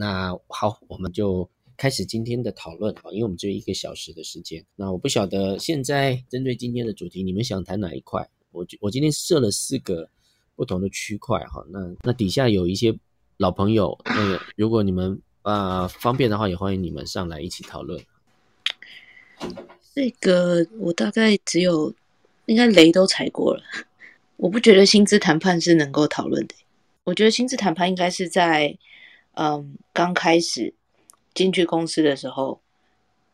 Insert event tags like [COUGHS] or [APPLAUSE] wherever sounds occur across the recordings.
那好，我們就開始今天的討論啊，因為我們只有一個小時的時間。那我不曉得現在針對今天的主題，你們想談哪一塊？我我今天設了四個不同的區塊哈。那那底下有一些老朋友，那個如果你們啊方便的話，也歡迎你們上來一起討論。這、那個我大概只有應該雷都踩過了，我不覺得薪資談判是能夠討論的。我覺得薪資談判應該是在。嗯，um，剛開始進去公司的時候，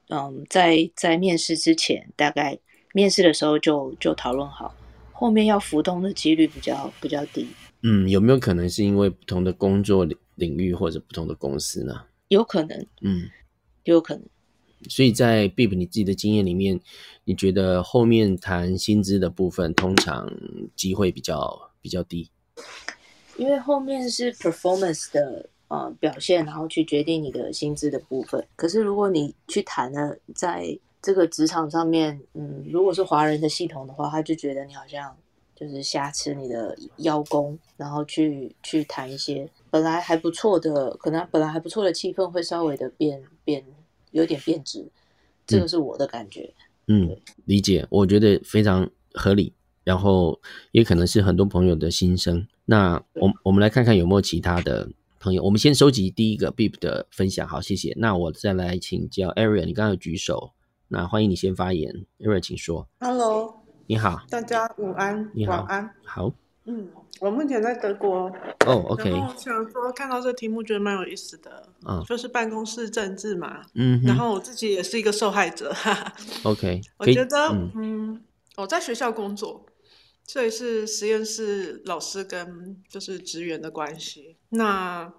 嗯，um，在在面試之前，大概面試的時候就就討論好，後面要浮動的幾率比較比較低。嗯，有沒有可能是因為不同的工作領域或者不同的公司呢？有可能，嗯，有可能。所以在 Bip 你自己的經驗裡面，你覺得後面談薪資的部分通常機會比較比較低？因為後面是 performance 的。呃，表現，然後去決定你的薪資的部分。可是，如果你去談了，在這個職場上面，嗯，如果是華人的系統的話，他就覺得你好像就是瞎吃你的邀功，然後去去談一些本來還不錯的，可能他本來還不錯的氣氛會稍微的變變，變，有點變質。這個是我的感覺嗯。嗯，理解，我覺得非常合理。然後也可能是很多朋友的心聲。那我我們來看看有沒有其他的。朋友，我們先收集第一個 BIP 的分享，好，謝謝。那我再來請教 Ariel，你剛才有舉手，那歡迎你先發言，Ariel，請說。hello，你好，大家午安你，晚安，好。嗯，我目前在德國。哦、oh,，OK。我想說，看到這題目覺得蠻有意思的，嗯、oh.，就是辦公室政治嘛。嗯、mm -hmm.。然後我自己也是一個受害者。哈 [LAUGHS] 哈 OK。我覺得嗯，嗯，我在學校工作。這也是實驗室老師跟就是職員的關係。那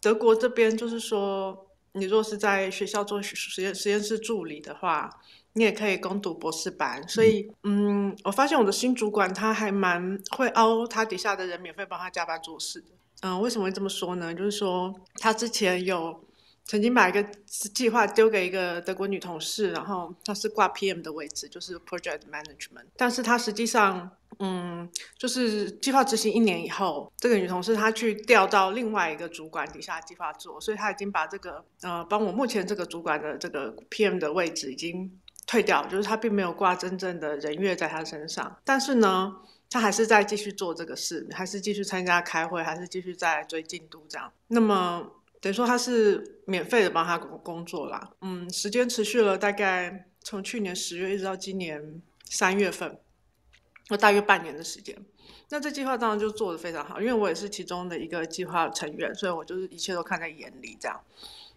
德國這邊就是說，你若是在學校做實驗實驗室助理的話，你也可以攻讀博士班。所以，嗯，嗯，我發現我的新主管他還蠻會凹他底下的人免費幫他加班做事的。嗯，為什麼會這麼說呢？就是說他之前有曾經把一個計劃丟給一個德國女同事，然後他是掛 PM 的位置，就是 Project Management，但是他實際上。嗯，就是計劃執行一年以後，這個女同事她去調到另外一個主管底下計劃做，所以她已經把這個呃幫我目前這個主管的這個 PM 的位置已經退掉，就是她並沒有掛真正的人月在她身上，但是呢，她還是在繼續做這個事，還是繼續參加開會，還是繼續在追進度這樣。那麼等於說她是免費的幫她工作啦，嗯，時間持續了大概從去年十月一直到今年三月份。有大約半年的時間，那這計劃當然就做得非常好，因為我也是其中的一個計劃成員，所以我就是一切都看在眼裡這樣。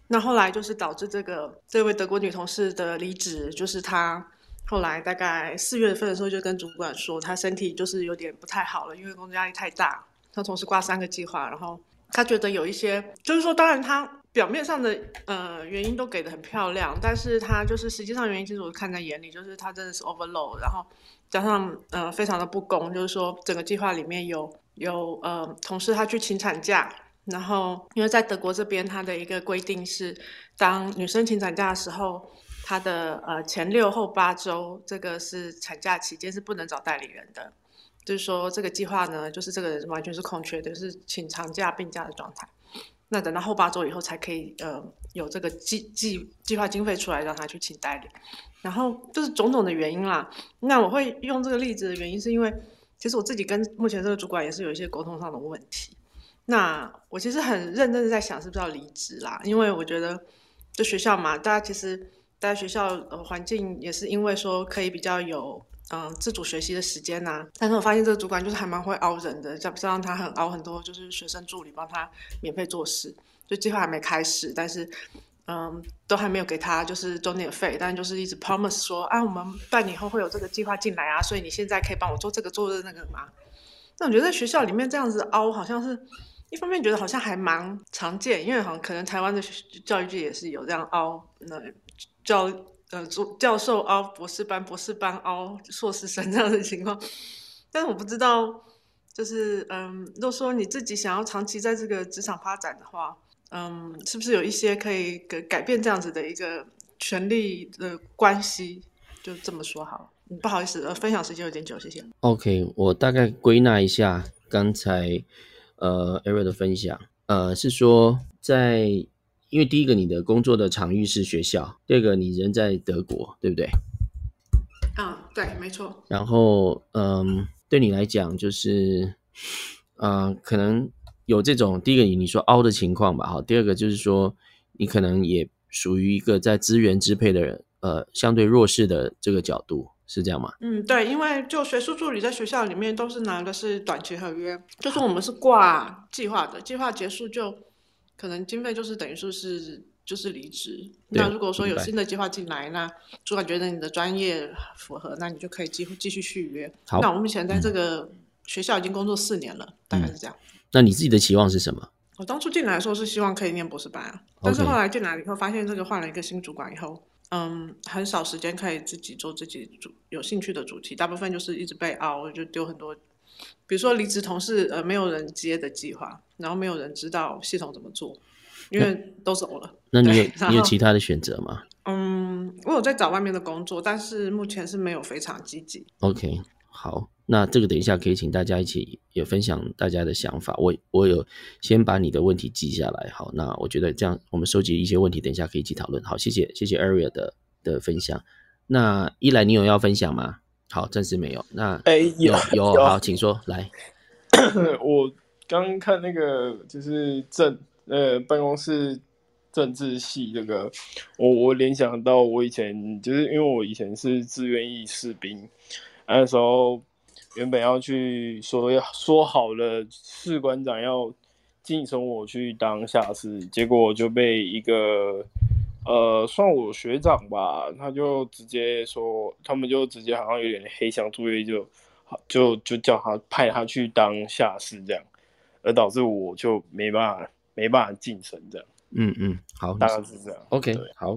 那後來就是導致這個這位德國女同事的離職，就是她後來大概四月份的時候就跟主管說，她身體就是有點不太好了，因為工作壓力太大，她同時掛三個計劃，然後她覺得有一些，就是說當然她表面上的呃原因都給的很漂亮，但是她就是實際上原因其實我看在眼裡，就是她真的是 overload，然後。加上呃非常的不公，就是說整個計劃裡面有有呃同事他去請產假，然後因為在德國這邊他的一個規定是，當女生請產假的時候，他的呃前六後八週這個是產假期間是不能找代理人的，就是說這個計劃呢就是這個人完全是空缺的，是請長假病假的狀態，那等到後八週以後才可以呃有這個計計計劃經費出來讓他去請代理。然後就是種種的原因啦。那我會用這個例子的原因，是因為其實我自己跟目前這個主管也是有一些溝通上的問題。那我其實很認真的在想，是不是要離職啦？因為我覺得這學校嘛，大家其實在學校、呃、環境也是因為說可以比較有嗯、呃、自主學習的時間啦、啊、但是我發現這個主管就是還蠻會熬人的，像不是讓他很熬很多，就是學生助理幫他免費做事。就計劃還沒開始，但是。嗯，都還沒有給他就是鐘點費，但就是一直 promise 說啊，我們半年後會有這個計劃進來啊，所以你現在可以幫我做這個做這個那個嘛。那我覺得在學校裡面這樣子凹，好像是一方面覺得好像還蠻常見，因為好像可能台灣的教育界也是有這樣凹，那教呃教教授凹博士班，博士班凹碩士生這樣的情況，但是我不知道，就是嗯，如果說你自己想要長期在這個職場發展的話。嗯，是不是有一些可以改改變這樣子的一個權力的關係？就這麼說好了。不好意思，呃、分享時間有點久，謝謝。OK，我大概歸納一下剛才呃 Ariel 的分享，呃，是說在因為第一個你的工作的場域是學校，第二個你人在德國，對不對？嗯、啊，對，沒錯。然後嗯、呃，對你來講就是，呃可能。有這種，第一個你你說凹的情況吧，好，第二個就是說你可能也屬於一個在資源支配的人，呃，相對弱勢的這個角度是這樣嗎？嗯，對，因為就學術助理在學校裡面都是拿的是短期合約，就是我們是掛計劃的，計劃結束就可能經費就是等於說是就是離職。那如果說有新的計劃進來，那主管覺得你的專業符合，那你就可以繼繼續續續約。好，那我們目前在這個學校已經工作四年了，嗯，大概是這樣。嗯。那你自己的期望是什麼？我當初進來的時候是希望可以念博士班啊，Okay. 但是後來進來以後發現這個換了一個新主管以後，嗯，很少時間可以自己做自己主有興趣的主題，大部分就是一直被凹，就丟很多，比如說離職同事呃沒有人接的計劃，然後沒有人知道系統怎麼做，因為都走了。那,那你有你有其他的選擇嗎？嗯，我有在找外面的工作，但是目前是沒有非常積極。OK。好，那這個等一下可以請大家一起也分享大家的想法。我我有先把你的問題記下來。好，那我覺得這樣我們收集一些問題，等一下可以一起討論。好，謝謝謝謝 Aria 的的分享。那一來，你有要分享嗎？好，暫時沒有。那哎、欸、有有，有，有好，請說來 [COUGHS] 。我剛看那個就是政呃辦公室政治系這個，我我聯想到我以前就是因為我以前是志願役士兵。那時候原本要去說要說好了，士官長要晉升我去當下士，結果就被一個呃算我學長吧，他就直接說，他們就直接好像有點黑箱作業，就就就叫他派他去當下士這樣，而導致我就沒辦法沒辦法晉升這樣。嗯嗯，好，大概是這樣。OK，對，好，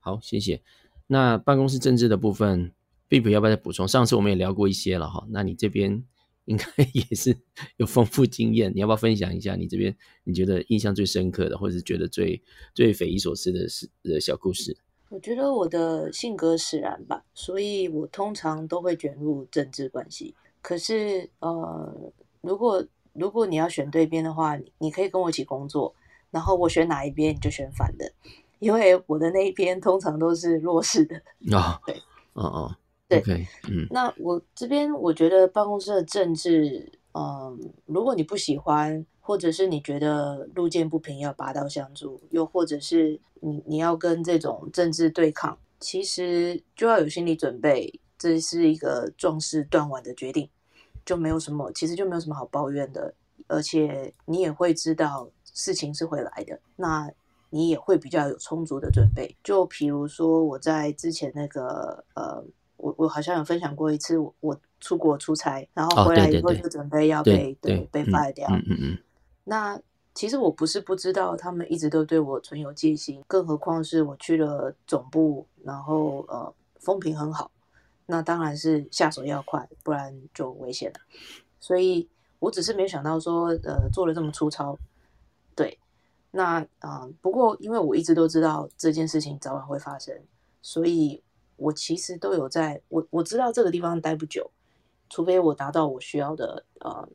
好，謝謝。那辦公室政治的部分。Bibi 要不要再補充？上次我們也聊過一些了哈。那你這邊應該也是有豐富經驗，你要不要分享一下你這邊你覺得印象最深刻的，或者是覺得最最匪夷所思的事的小故事？我覺得我的性格使然吧，所以我通常都會捲入政治關係。可是呃，如果如果你要選對邊的話，你可以跟我一起工作，然後我選哪一邊，你就選反的，因為我的那一邊通常都是弱勢的。哦，對，哦哦。對，okay, 嗯，那我這邊我覺得辦公室的政治，嗯、呃，如果你不喜歡，或者是你覺得路見不平要拔刀相助，又或者是你你要跟這種政治對抗，其實就要有心理準備，這是一個壯士斷腕的決定，就沒有什麼，其實就沒有什麼好抱怨的，而且你也會知道事情是會來的，那你也會比較有充足的準備。就比如說我在之前那個，呃。我我好像有分享過一次我，我我出國出差，然後回來以後就準備要被、oh, 對,對,對,對,對,對,對被發掉。嗯嗯,嗯,嗯。那其實我不是不知道，他們一直都對我存有戒心，更何況是我去了總部，然後呃風評很好，那當然是下手要快，不然就危險了。所以我只是沒有想到說呃做的這麼粗糙。對，那啊、呃、不過因為我一直都知道這件事情早晚會發生，所以。我其實都有在，我我知道這個地方待不久，除非我達到我需要的呃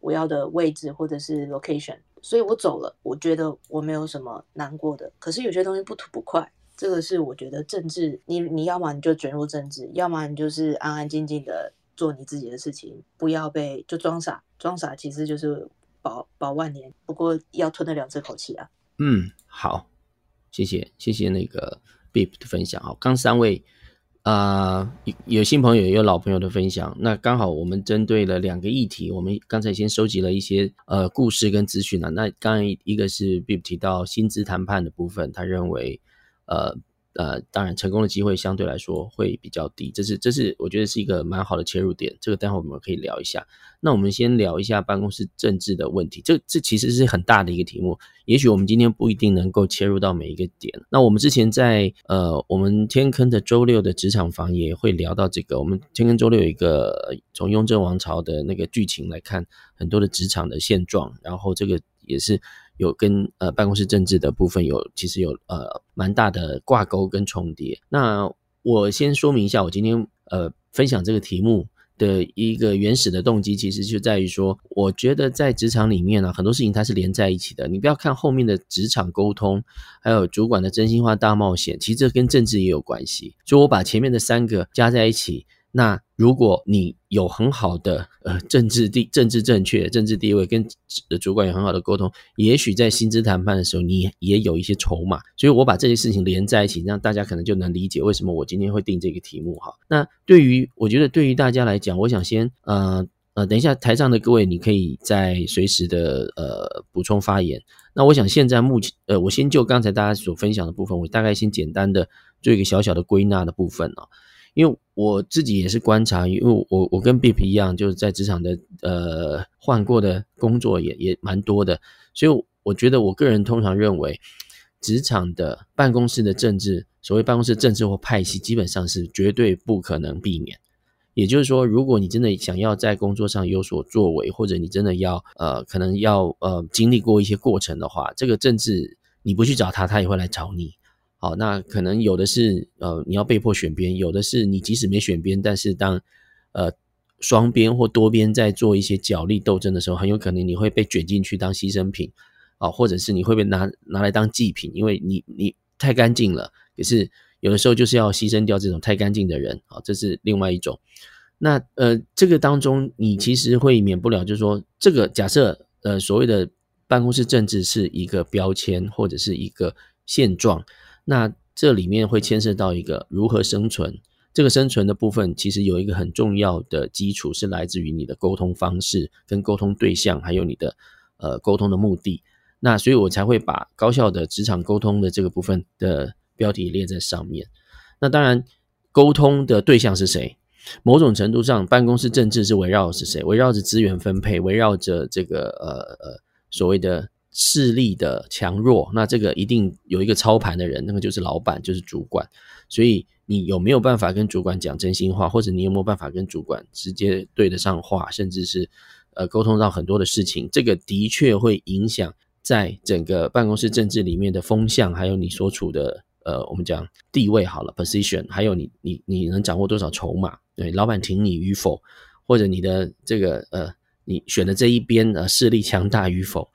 我要的位置或者是 location，所以我走了，我覺得我沒有什麼難過的。可是有些東西不吐不快，這個是我覺得政治，你你要麼你就捲入政治，要麼你就是安安靜靜的做你自己的事情，不要被就裝傻，裝傻其實就是保保萬年。不過要吞得了這口氣啊。嗯，好，謝謝謝謝那個 Beep 的分享啊、哦，剛三位。啊、uh，有新朋友，有老朋友的分享。那剛好我們針對了兩個議題，我們剛才先收集了一些呃故事跟諮詢了。那剛一個是比 i 提到薪資談判的部分，他認為，呃。呃，當然，成功的機會相對來說會比較低，這是這是我覺得是一個蠻好的切入點，這個待會我們可以聊一下。那我們先聊一下辦公室政治的問題，這這其實是很大的一個題目，也許我們今天不一定能夠切入到每一個點。那我們之前在呃，我們天坑的周六的職場房也會聊到這個，我們天坑周六有一個從雍正王朝的那個劇情來看，很多的職場的現狀，然後這個也是。有跟呃辦公室政治的部分有其實有呃蠻大的掛鈎跟重疊。那我先說明一下，我今天呃分享這個題目的一個原始的動機，其實就在於說，我覺得在職場裡面呢、啊，很多事情它是連在一起的。你不要看後面的職場溝通，還有主管的真心話大冒險，其實這跟政治也有關係。所以我把前面的三個加在一起。那如果你有很好的呃政治地政治正確政治地位，跟主管有很好的溝通，也許在薪資談判的時候你也有一些籌碼。所以，我把這些事情連在一起，讓大家可能就能理解為什麼我今天會定這個題目哈。那對於我覺得對於大家來講，我想先呃呃，等一下台上的各位，你可以再隨時的呃補充發言。那我想現在目前呃，我先就剛才大家所分享的部分，我大概先簡單的做一個小小的歸納的部分啊、哦。因為我自己也是觀察，因為我我跟 BP 一樣，就是在職場的呃換過的工作也也蠻多的，所以我覺得我個人通常認為，職場的辦公室的政治，所謂辦公室政治或派系，基本上是絕對不可能避免。也就是說，如果你真的想要在工作上有所作為，或者你真的要呃可能要呃經歷過一些過程的話，這個政治你不去找他，他也會來找你。好，那可能有的是呃，你要被迫選邊；有的是你即使沒選邊，但是當呃雙邊或多邊在做一些角力鬥爭的時候，很有可能你會被捲進去當犧牲品好、哦，或者是你會被拿拿來當祭品，因為你你太乾淨了，可是有的時候就是要犧牲掉這種太乾淨的人好、哦，這是另外一種。那呃，這個當中你其實會免不了，就是說，這個假設呃，所謂的辦公室政治是一個標籤或者是一個現狀。那這裡面會牽涉到一個如何生存，這個生存的部分其實有一個很重要的基礎是來自於你的溝通方式、跟溝通對象，還有你的呃溝通的目的。那所以我才會把高效的職場溝通的這個部分的標題列在上面。那當然，溝通的對象是誰？某種程度上，辦公室政治是圍繞的是誰？圍繞着資源分配，圍繞着這個呃呃所謂的。勢力的強弱，那這個一定有一個操盤的人，那個就是老闆，就是主管。所以你有沒有辦法跟主管講真心話，或者你有沒有辦法跟主管直接對得上話，甚至是呃溝通到很多的事情，這個的確會影響在整個辦公室政治裡面的風向，還有你所處的呃我們講地位好了，position，還有你你你能掌握多少籌碼，對，老闆挺你與否，或者你的這個呃你選的這一邊呃勢力強大與否。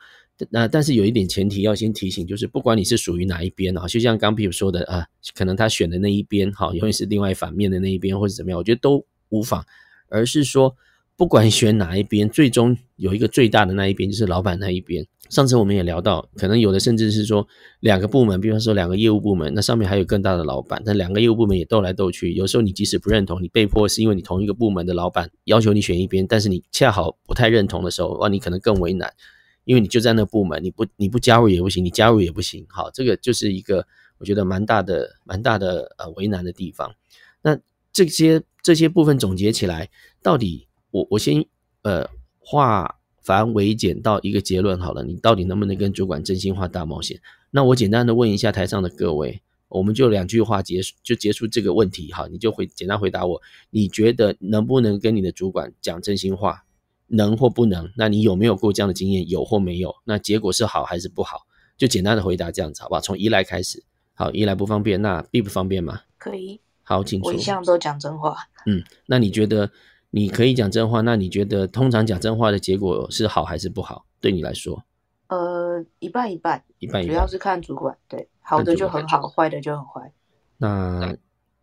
那但是有一點前提要先提醒，就是不管你是屬於哪一邊哦、啊，就像剛比如說的啊，可能他選的那一邊好，永遠是另外一反面的那一邊，或者怎麼樣，我覺得都無妨。而是說，不管選哪一邊，最終有一個最大的那一邊就是老板那一邊。上次我們也聊到，可能有的甚至是說兩個部門，比方說兩個業務部門，那上面還有更大的老板，那兩個業務部門也鬥來鬥去。有時候你即使不認同，你被迫是因為你同一個部門的老板要求你選一邊，但是你恰好不太認同的時候，哇，你可能更為難。因為你就在那部門，你不你不加入也不行，你加入也不行，好，這個就是一個我覺得蠻大的蠻大的呃為難的地方。那這些這些部分總結起來，到底我我先呃化繁為簡到一個結論好了，你到底能不能跟主管真心話大冒險？那我簡單的問一下台上的各位，我們就兩句話結束就結束這個問題，好，你就回，簡單回答我，你覺得能不能跟你的主管講真心話？能或不能？那你有沒有過這樣的經驗？有或沒有？那結果是好還是不好？就簡單的回答這樣子，好不好？從依賴開始，好，依賴不方便，那必不方便嘛？可以。好，請出。我一向都講真話。嗯，那你覺得你可以講真話，嗯？那你覺得通常講真話的結果是好還是不好？對你來說？呃，一半一半，一半，一半。主要是看主管，對，好的就很好，壞的就很壞。那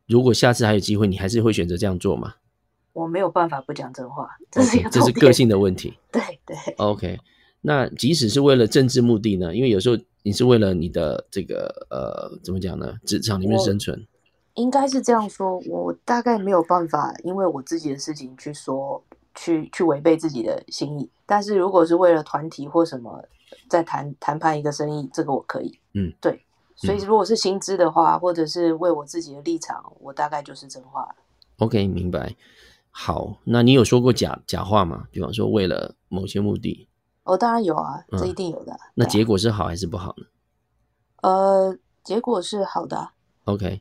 如果下次還有機會，你還是會選擇這樣做嗎？我沒有辦法不講真話，這是一 okay, 這是個性的問題。 [LAUGHS] 對對，OK。那即使是為了政治目的呢？因為有時候你是為了你的這個呃，怎麼講呢？職場裡面生存，應該是這樣說。我大概沒有辦法，因為我自己的事情去說，去去違背自己的心意。但是如果是為了團體或什麼在談談判一個生意，這個我可以。嗯，對。所以如果是薪資的話、嗯，或者是為我自己的立場，我大概就是真話。OK，明白。好，那你有說過假假話嗎？比方說，為了某些目的，我、哦、當然有啊、嗯，這一定有的。那結果是好還是不好呢？呃，結果是好的、啊。OK，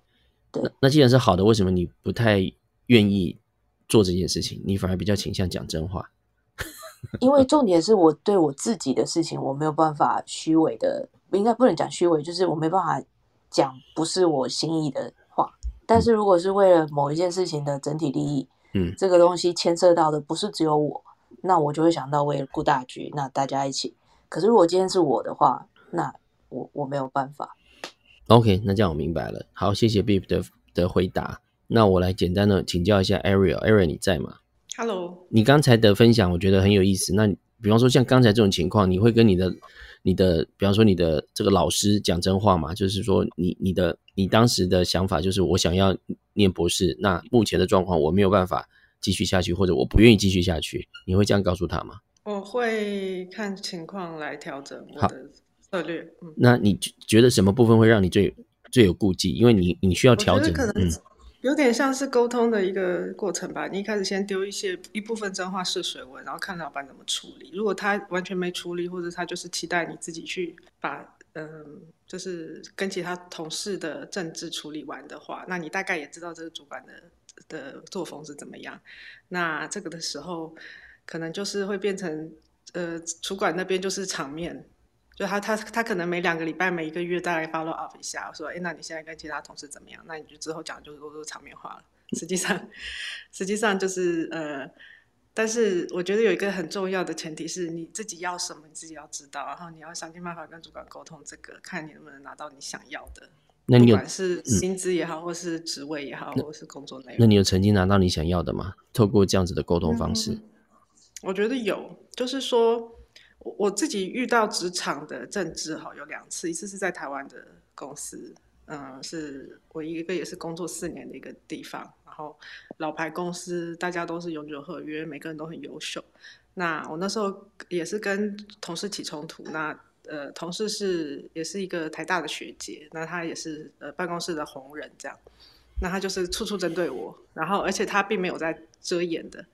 對、那，那既然是好的，為什麼你不太願意做這件事情？你反而比較傾向講真話？ [LAUGHS] 因為重點是我對我自己的事情，我沒有辦法虛偽的，我應該不能講虛偽，就是我沒辦法講不是我心意的話。嗯、但是如果是為了某一件事情的整體利益，嗯，這個東西牽涉到的不是只有我，那我就會想到為了顧大局，那大家一起。可是如果今天是我的話，那我我沒有辦法。OK，那這樣我明白了。好，謝謝 Bip 的的回答。那我來簡單的請教一下 Ariel，Ariel 你在嗎？Hello，你剛才的分享我覺得很有意思。那比方說像剛才這種情況，你會跟你的你的，比方說你的這個老師講真話嘛，就是說你你的你當時的想法就是我想要念博士，那目前的狀況我沒有辦法繼續下去，或者我不願意繼續下去，你會這樣告訴他嗎？我會看情況來調整我的策略。嗯。那你覺得什麼部分會讓你最最有顧忌？因為你你需要調整。嗯。有點像是溝通的一個過程吧。你一開始先丟一些一部分真話試水溫，然後看老闆怎麼處理。如果他完全沒處理，或者他就是期待你自己去把嗯、呃，就是跟其他同事的政治處理完的話，那你大概也知道這個主管的的作風是怎麼樣。那這個的時候，可能就是會變成呃，主管那邊就是場面。就他他他可能每兩個禮拜，每一個月大概 follow up 一下，我說哎，那你現在跟其他同事怎麼樣？那你就之後講就都是場面話了。實際上，實際上就是呃，但是我覺得有一個很重要的前提是你自己要什麼，你自己要知道，然後你要想盡辦法跟主管溝通這個，看你能不能拿到你想要的。那你不管是薪資也好，嗯，或是職位也好，或是工作內容。那你有曾經拿到你想要的嗎？透過這樣子的溝通方式？嗯、我覺得有，就是說。我自己遇到職場的政治哈，有兩次，一次是在台灣的公司，嗯、呃，是我一個也是工作四年的一個地方，然後老牌公司，大家都是永久合約，每個人都很優秀。那我那時候也是跟同事起衝突，那呃，同事是也是一個台大的學姐，那她也是呃辦公室的紅人這樣，那她就是處處針對我，然後而且她並沒有在遮掩的。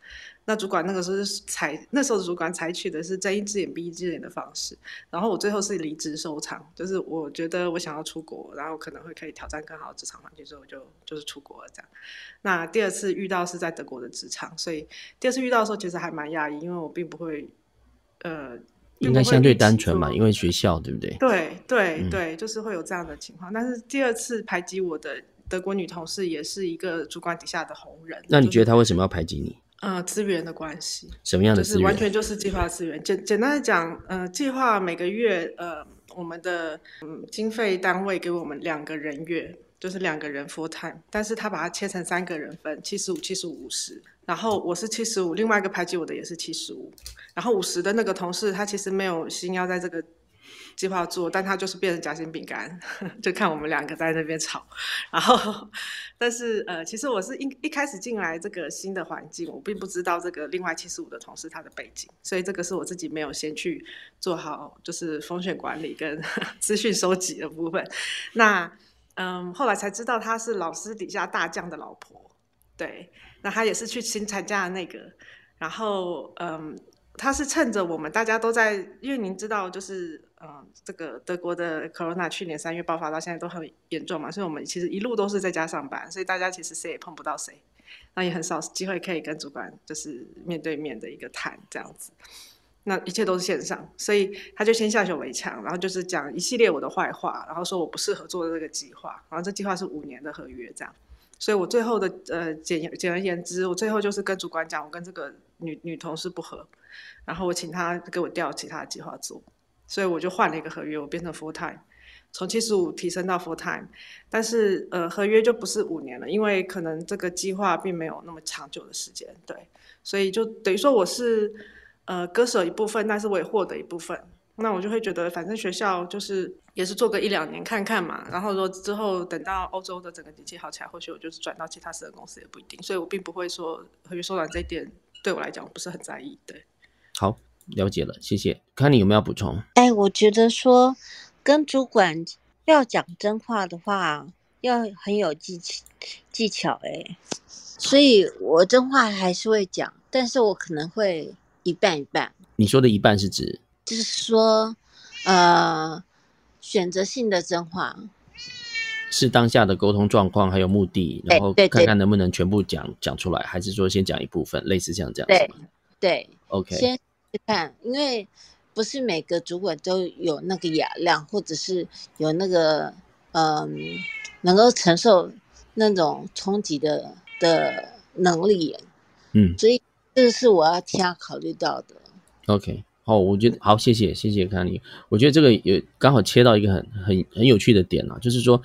那主管那個時候是採那時候的主管採取的是睜一只眼閉一只眼的方式，然後我最後是離職收場，就是我覺得我想要出國，然後可能會可以挑戰更好的職場環境，所以我就就是出國了這樣。那第二次遇到是在德國的職場，所以第二次遇到的時候其實還蠻訝異，因為我並不會呃應該相對單純嘛，因為學校對不對？對對、嗯、對，就是會有這樣的情況。但是第二次排擠我的德國女同事也是一個主管底下的紅人。那你覺得她為什麼要排擠你？呃，資源的關係，什麼樣的資源？就是完全就是計劃資源。簡簡單的講，呃，計劃每個月，呃，我們的，嗯，經費單位給我們兩個人月，就是兩個人 full time，但是他把它切成三個人分，七十五、七十五、五十。然後我是七十五，另外一個排擠我的也是七十五，然後五十的那個同事，他其實沒有心要在這個。計劃做，但他就是變成夾心餅乾，就看我們兩個在那邊吵。然後，但是呃，其實我是一一開始進來這個新的環境，我並不知道這個另外七十五的同事他的背景，所以這個是我自己沒有先去做好就是風險管理跟資訊收集的部分。那嗯，後來才知道他是老師底下大將的老婆，對。那他也是去新參加的那個，然後嗯，他是趁着我們大家都在，因為您知道就是。嗯，這個德國的 Corona 去年三月爆發到現在都很嚴重嘛，所以我們其實一路都是在家上班，所以大家其實誰也碰不到誰，那也很少機會可以跟主管就是面對面的一個談這樣子，那一切都是線上，所以他就先下手為強，然後就是講一系列我的壞話，然後說我不適合做這個計劃，然後這計劃是五年的合約這樣，所以我最後的呃簡簡而言之，我最後就是跟主管講我跟這個女女同事不合，然後我請他給我調其他計劃做。所以我就換了一個合約，我變成 full time，從七十五提升到 full time，但是呃合約就不是五年了，因為可能這個計劃並沒有那麼長久的時間，對，所以就等於說我是呃割捨一部分，但是我也獲得一部分，那我就會覺得反正學校就是也是做個一兩年看看嘛，然後說之後等到歐洲的整個景氣好起來，或許我就是轉到其他私人公司也不一定，所以我並不會說合約縮短這一點對我來講我不是很在意，對，好。了解了，謝謝。看你有沒有補充？哎，我覺得說跟主管要講真話的話，要很有技技巧哎。所以我真話還是會講，但是我可能會一半一半。你說的一半是指？就是說，呃，選擇性的真話。是當下的溝通狀況，還有目的，然後看看能不能全部講講，欸，出來，還是說先講一部分，類似像這樣子。對對，OK。看，因為不是每個主管都有那個雅量，或者是有那個嗯、呃，能夠承受那種衝擊的的能力。嗯，所以這是我要替他考慮到的、嗯。OK，好，我覺得好，謝謝，謝謝康妮。我覺得這個也剛好切到一個很很很有趣的點了，就是說，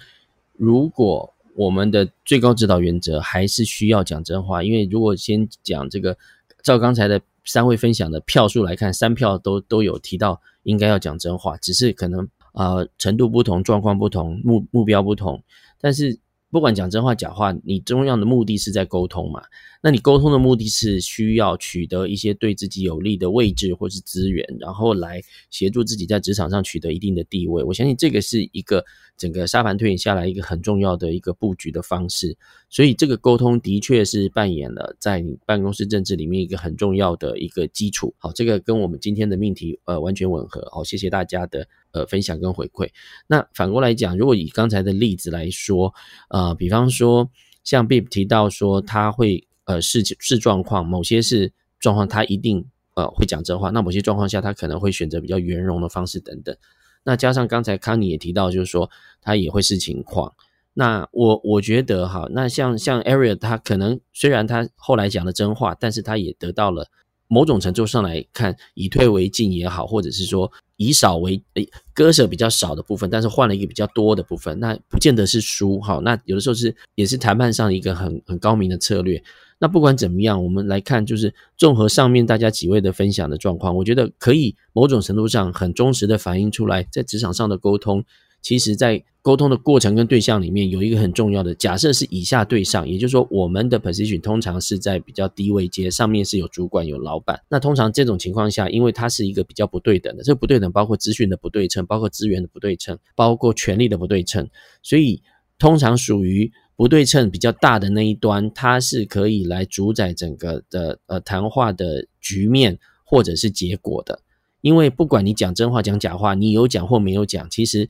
如果我們的最高指導原則還是需要講真話，因為如果先講這個，照剛才的。三位分享的票數來看，三票都都有提到應該要講真話，只是可能啊、呃、程度不同、狀況不同、目目標不同。但是不管講真話、假話，你重要的目的是在溝通嘛？那你溝通的目的是需要取得一些對自己有利的位置或是資源，然後來協助自己在職場上取得一定的地位。我相信這個是一個。整個沙盤推演下來，一個很重要的一個布局的方式，所以這個溝通的確是扮演了在你辦公室政治裡面一個很重要的一個基礎。好，這個跟我們今天的命題呃完全吻合。好，謝謝大家的呃分享跟回饋。那反過來講，如果以剛才的例子來說，呃，比方說像 Bip 提到說他會呃視視狀況，某些視狀況他一定呃會講真話，那某些狀況下他可能會選擇比較圓融的方式等等。那加上剛才康妮也提到，就是說他也會視情況。那我我覺得哈，那像像 Ariel 他可能雖然他後來講了真話，但是他也得到了某種程度上來看以退為進也好，或者是說以少為呃割捨比較少的部分，但是換了一個比較多的部分，那不見得是輸哈。那有的時候是也是談判上一個很很高明的策略。那不管怎麼樣，我們來看，就是綜合上面大家幾位的分享的狀況，我覺得可以某種程度上很忠實的反映出來，在職場上的溝通，其實在溝通的過程跟對象裡面有一個很重要的假設是以下對上，也就是說，我們的 position 通常是在比較低位階，上面是有主管有老闆。那通常這種情況下，因為它是一個比較不對等的，這不對等包括資訊的不對稱，包括資源的不對稱，包括權力的不對稱，所以通常屬於。不對稱比較大的那一端，它是可以來主宰整個的呃談話的局面或者是結果的。因為不管你講真話講假話，你有講或沒有講，其實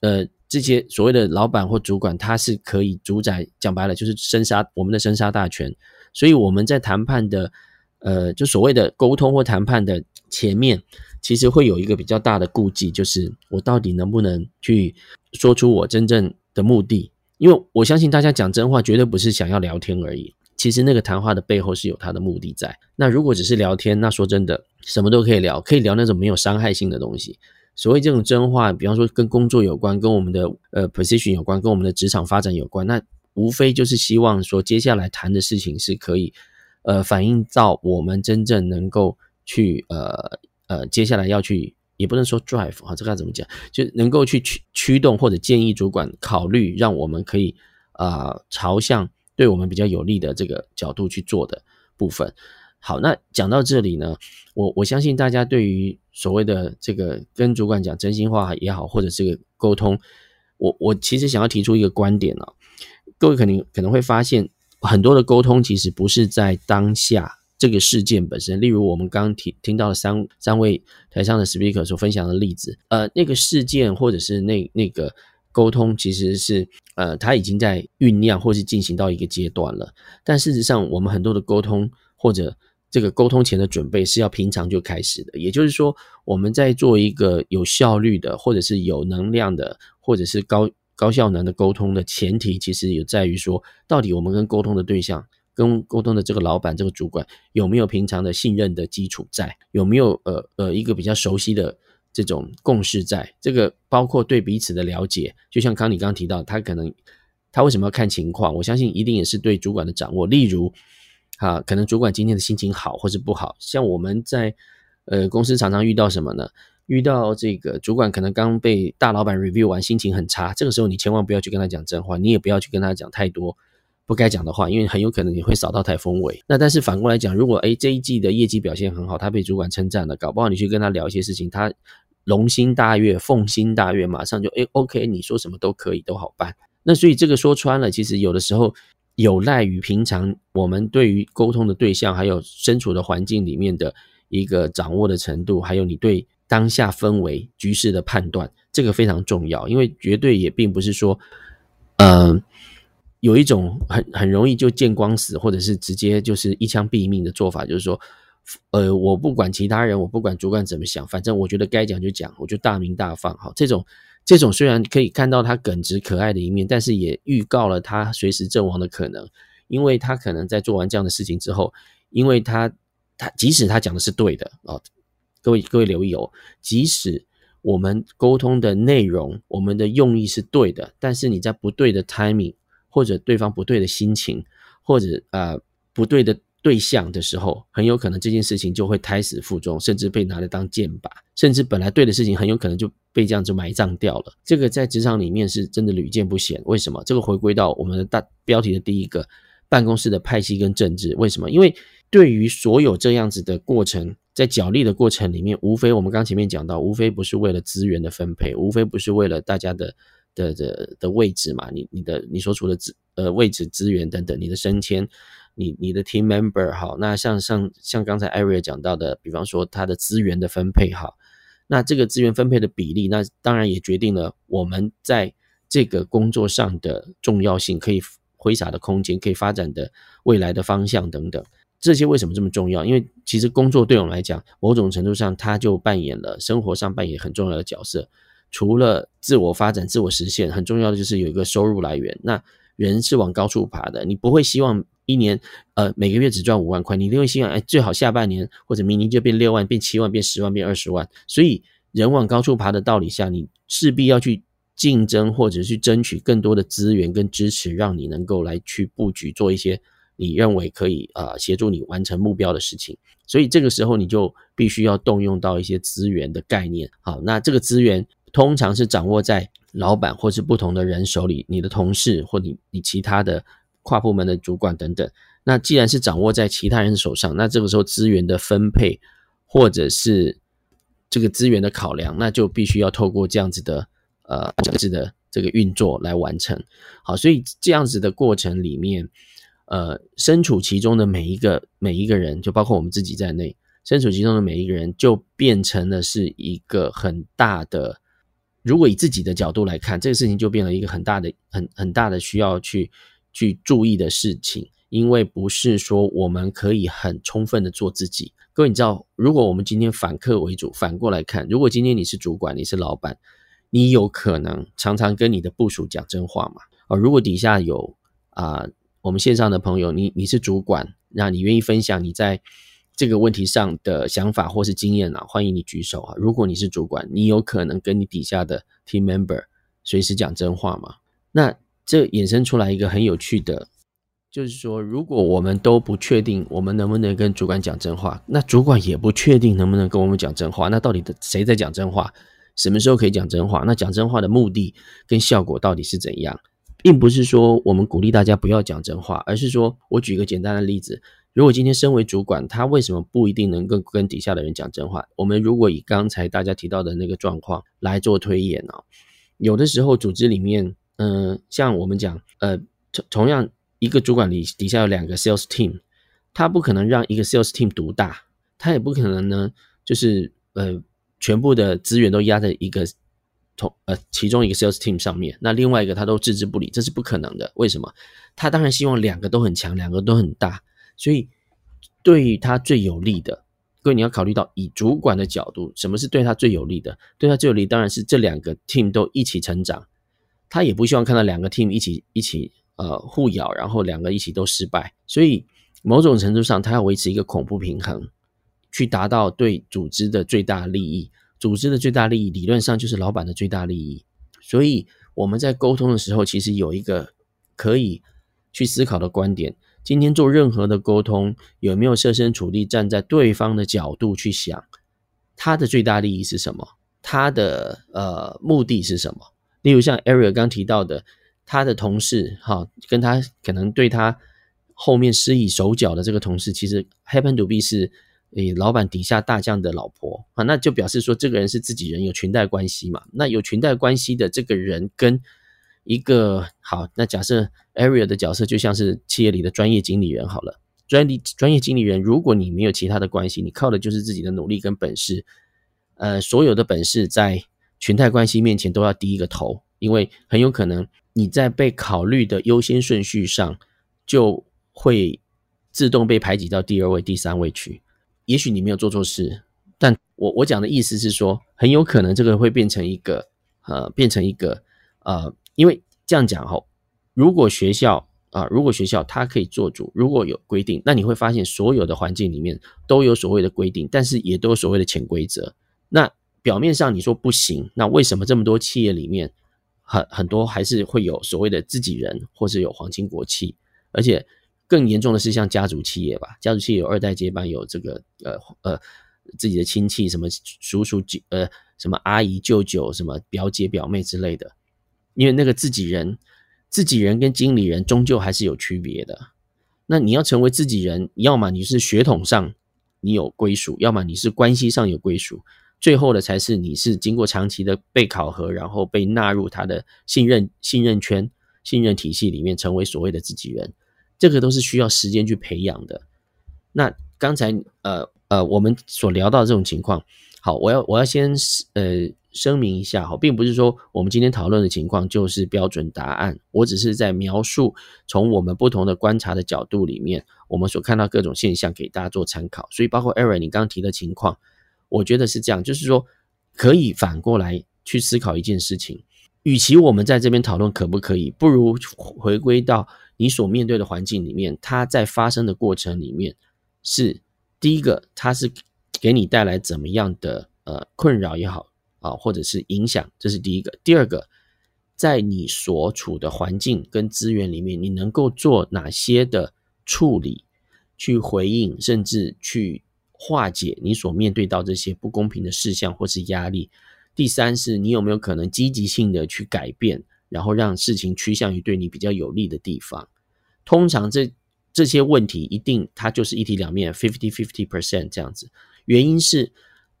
呃這些所謂的老板或主管，他是可以主宰。講白了，就是生殺我們的生殺大權。所以我們在談判的呃就所謂的溝通或談判的前面，其實會有一個比較大的顧忌，就是我到底能不能去說出我真正的目的。因為我相信大家講真話絕對不是想要聊天而已，其實那個談話的背後是有他的目的在。那如果只是聊天，那說真的，什麼都可以聊，可以聊那種沒有傷害性的東西。所謂這種真話，比方說跟工作有關，跟我們的呃 position 有關，跟我們的職場發展有關，那無非就是希望說接下來談的事情是可以，呃，反映到我們真正能夠去呃呃接下來要去。也不能說 drive、啊、這個該怎麼講？就能夠去驅驅動或者建議主管考慮，讓我們可以啊、呃、朝向對我們比較有利的這個角度去做的部分。好，那講到這裡呢，我我相信大家對於所謂的這個跟主管講真心話也好，或者是個溝通，我我其實想要提出一個觀點了、哦。各位肯定可能會發現，很多的溝通其實不是在當下。這個事件本身，例如我們剛剛聽聽到的三三位台上的 speaker 所分享的例子，呃，那個事件或者是那那個溝通，其實是呃，它已經在醞釀或是進行到一個階段了。但事實上，我們很多的溝通或者這個溝通前的準備是要平常就開始的。也就是說，我們在做一個有效率的，或者是有能量的，或者是高高效能的溝通的前提，其實有在於說，到底我們跟溝通的對象。跟溝通的這個老板、這個主管有沒有平常的信任的基礎在？有沒有呃呃一個比較熟悉的這種共識在？這個包括對彼此的了解，就像康你剛剛提到，他可能他為什麼要看情況？我相信一定也是對主管的掌握。例如啊，可能主管今天的心情好或是不好，像我們在呃公司常常遇到什麼呢？遇到這個主管可能剛被大老板 review 完，心情很差。這個時候你千萬不要去跟他講真話，你也不要去跟他講太多。不該講的話，因為很有可能你會掃到台風尾。那但是反過來講，如果誒這一季的業績表現很好，他被主管稱讚了，搞不好你去跟他聊一些事情，他龍心大悅、鳳心大悅，馬上就誒 OK，你說什麼都可以，都好辦。那所以這個說穿了，其實有的時候有賴於平常我們對於溝通的對象，還有身處的環境裡面的一個掌握的程度，還有你對當下氛圍局勢的判斷，這個非常重要。因為絕對也並不是說，嗯、呃。有一種很很容易就見光死，或者是直接就是一槍斃命的做法，就是說，呃，我不管其他人，我不管主管怎麼想，反正我覺得該講就講，我就大鳴大放，哦，這種這種雖然可以看到他耿直可愛的一面，但是也預告了他隨時陣亡的可能，因為他可能在做完這樣的事情之後，因為他他即使他講的是對的啊，哦，各位各位留意哦，即使我們溝通的內容，我們的用意是對的，但是你在不對的 timing。或者對方不對的心情，或者呃不對的對象的時候，很有可能這件事情就會胎死腹中，甚至被拿來當箭靶，甚至本來對的事情，很有可能就被這樣子埋葬掉了。這個在職場裡面是真的屢見不鮮。為什麼？這個回歸到我們的大標題的第一個，辦公室的派系跟政治。為什麼？因為對於所有這樣子的過程，在角力的過程裡面，無非我們剛前面講到，無非不是為了資源的分配，無非不是為了大家的。的的的位置嘛，你你的你所處的資呃位置資源等等，你的升遷，你你的 team member 好，那像像像剛才 Aria 講到的，比方說他的資源的分配好，那這個資源分配的比例，那當然也決定了我們在這個工作上的重要性，可以揮灑的空間，可以發展的未來的方向等等。這些為什麼這麼重要？因為其實工作對我們來講，某種程度上，它就扮演了生活上扮演很重要的角色。除了自我發展、自我實現，很重要的就是有一個收入來源。那人是往高處爬的，你不會希望一年呃每個月只賺五萬塊，你一定會希望哎最好下半年或者明年就變六萬、變七萬、變十萬、變二十萬。所以人往高處爬的道理下，你勢必要去競爭或者去爭取更多的資源跟支持，讓你能夠來去布局做一些你認為可以啊、呃、協助你完成目標的事情。所以這個時候你就必須要動用到一些資源的概念。好，那這個資源。通常是掌握在老闆或是不同的人手裡，你的同事或你你其他的跨部門的主管等等。那既然是掌握在其他人手上，那這個時候資源的分配或者是這個資源的考量，那就必須要透過這樣子的呃，這樣子的這個運作來完成。好，所以這樣子的過程裡面，呃，身處其中的每一個每一個人，就包括我們自己在內，身處其中的每一個人，就變成了是一個很大的。如果以自己的角度來看，這個事情就變了一個很大的、很很大的需要去去注意的事情，因為不是說我們可以很充分的做自己。各位，你知道，如果我們今天反客為主，反過來看，如果今天你是主管，你是老闆，你有可能常常跟你的部屬講真話嘛？而、啊、如果底下有啊、呃，我們線上的朋友，你你是主管，那你願意分享你在？這個問題上的想法或是經驗呢，啊？歡迎你舉手啊！如果你是主管，你有可能跟你底下的 team member 隨時講真話嗎？那這衍生出來一個很有趣的，就是說，如果我們都不確定我們能不能跟主管講真話，那主管也不確定能不能跟我們講真話。那到底誰在講真話？什麼時候可以講真話？那講真話的目的跟效果到底是怎樣？並不是說我們鼓勵大家不要講真話，而是說我舉一個簡單的例子。如果今天身為主管，他為什麼不一定能夠跟底下的人講真話？我們如果以剛才大家提到的那個狀況來做推演啊，有的時候組織裡面，嗯，呃，像我們講，呃，同同樣一個主管裡底下有兩個 sales team，他不可能讓一個 sales team 獨大，他也不可能呢，就是呃，全部的資源都壓在一個同呃其中一個 sales team 上面，那另外一個他都置之不理，這是不可能的。為什麼？他當然希望兩個都很強，兩個都很大。所以，對於他最有利的，各位你要考慮到，以主管的角度，什麼是對他最有利的？對他最有利當然是這兩個 team 都一起成長。他也不希望看到兩個 team 一起一起呃互咬，然後兩個一起都失敗。所以某種程度上，他要維持一個恐怖平衡，去達到對組織的最大利益。組織的最大利益，理論上就是老闆的最大利益。所以我們在溝通的時候，其實有一個可以去思考的觀點。今天做任何的溝通，有沒有設身處地站在對方的角度去想，他的最大利益是什麼？他的呃目的是什麼？例如像 Ariel 剛提到的，他的同事哈、啊，跟他可能對他後面施以手腳的這個同事，其實 happen to be 是誒、欸、老板底下大將的老婆啊，那就表示說這個人是自己人，有裙帶關係嘛。那有裙帶關係的這個人跟一個好，那假設 Ariel 的角色就像是企業裡的專業經理人好了。專業、專業經理人，如果你沒有其他的關係，你靠的就是自己的努力跟本事。呃，所有的本事在裙帶關係面前都要低一個頭，因為很有可能你在被考慮的優先順序上就會自動被排擠到第二位、第三位去。也許你沒有做錯事，但我我講的意思是說，很有可能這個會變成一個呃，變成一個呃。因為這樣講吼、哦，如果學校啊，如果學校他可以做主，如果有規定，那你會發現所有的環境裡面都有所謂的規定，但是也都有所謂的潛規則。那表面上你說不行，那為什麼這麼多企業裡面很很多還是會有所謂的自己人，或是有皇親國戚？而且更嚴重的是像家族企業吧，家族企業有二代接班，有這個呃呃自己的親戚，什麼叔叔呃什麼阿姨舅舅、什麼表姐表妹之類的。因為那個自己人，自己人跟經理人終究還是有區別的。那你要成為自己人，要麼你是血統上你有歸屬，要麼你是關係上有歸屬，最後的才是你是經過長期的被考核，然後被納入他的信任、信任圈、信任體系裡面，成為所謂的自己人。這個都是需要時間去培養的。那剛才呃呃，我們所聊到的這種情況，好，我要我要先呃。聲明一下哈，並不是說我們今天討論的情況就是標準答案。我只是在描述從我們不同的觀察的角度裡面，我們所看到各種現象，給大家做參考。所以，包括 Eric 你剛剛提的情況，我覺得是這樣，就是說可以反過來去思考一件事情。與其我們在這邊討論可不可以，不如回歸到你所面對的環境裡面，它在發生的過程裡面是第一個，它是給你帶來怎麼樣的呃困擾也好。啊，或者是影響，這是第一個。第二個，在你所處的環境跟資源裡面，你能夠做哪些的處理，去回應，甚至去化解你所面對到這些不公平的事項或是壓力。第三是，你有沒有可能積極性的去改變，然後讓事情趨向於對你比較有利的地方。通常這這些問題一定它就是一體兩面，fifty fifty percent 這樣子。原因是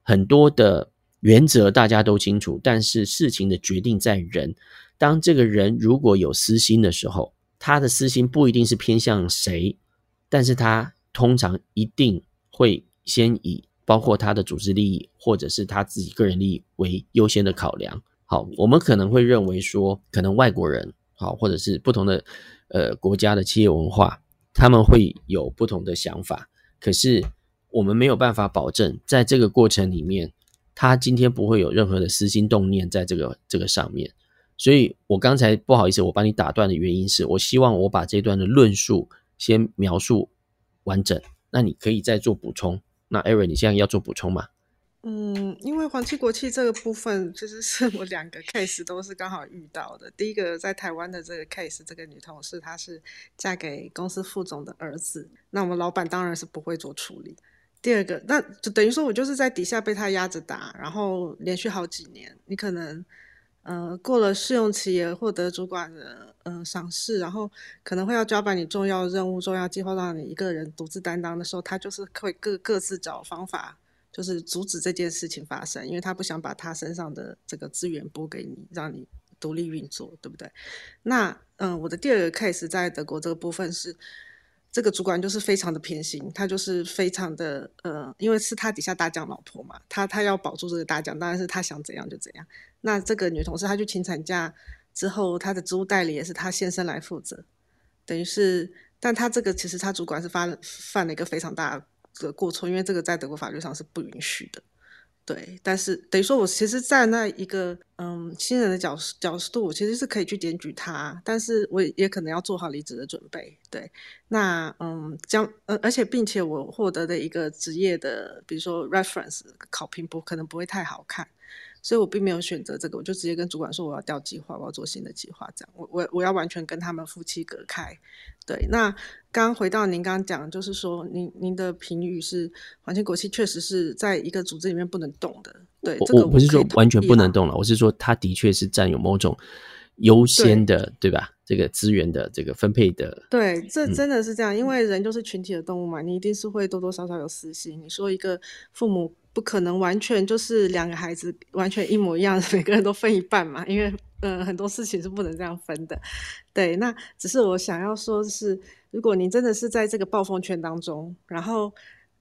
很多的。原則大家都清楚，但是事情的決定在人。當這個人如果有私心的時候，他的私心不一定是偏向誰，但是他通常一定會先以包括他的組織利益或者是他自己個人利益為優先的考量。好，我們可能會認為說，可能外國人，好，或者是不同的呃國家的企業文化，他們會有不同的想法。可是我們沒有辦法保證在這個過程裡面。他今天不會有任何的私心動念，在這個這個上面，所以我剛才不好意思，我幫你打斷的原因是我希望我把這段的論述先描述完整，那你可以再做補充。那 Aaron，你現在要做補充嗎？嗯，因為皇親國戚這個部分，就是、是我兩個 case 都是剛好遇到的。第一個在台灣的這個 case，這個女同事她是嫁給公司副總的兒子，那我們老闆當然是不會做處理。第二個，那就等於說，我就是在底下被他壓着打，然後連續好幾年，你可能，呃，過了試用期，也獲得主管的，嗯、呃，賞識，然後可能會要交辦你重要任務、重要計劃讓你一個人獨自擔當的時候，他就是會各各自找方法，就是阻止這件事情發生，因為他不想把他身上的這個資源撥給你，讓你獨立運作，對不對？那，嗯、呃，我的第二個 case 在德國這個部分是。這個主管就是非常的偏心，他就是非常的呃，因為是他底下大將老婆嘛，他他要保住這個大將，當然是他想怎樣就怎樣。那這個女同事她去請產假之後，她的職務代理也是她先生來負責，等於是，但他這個其實他主管是犯犯了一個非常大的過錯，因為這個在德國法律上是不允許的。對，但是等於說，我其實站在一個嗯新人的角度角度，我其實是可以去檢舉他，但是我也可能要做好離職的準備。對，那嗯將而、呃、而且並且我獲得的一個職業的，比如說 reference 考評不，不可能不會太好看。所以我並沒有選擇這個，我就直接跟主管說，我要調計劃，我要做新的計劃，這樣我我我要完全跟他們夫妻隔開。對，那剛回到您剛講，就是說您您的評語是，環境國際確實是在一個組織裡面不能動的。對，我不、這個不是說完全不能動了，我是說他的確是佔有某種。優先的對，對吧？這個資源的這個分配的，對，這真的是這樣，嗯，因為人就是群體的動物嘛，你一定是會多多少少有私心。你說一個父母不可能完全就是兩個孩子完全一模一樣，每個人都分一半嘛？因為，呃，很多事情是不能這樣分的。對，那只是我想要說是，是如果你真的是在這個暴風圈當中，然後，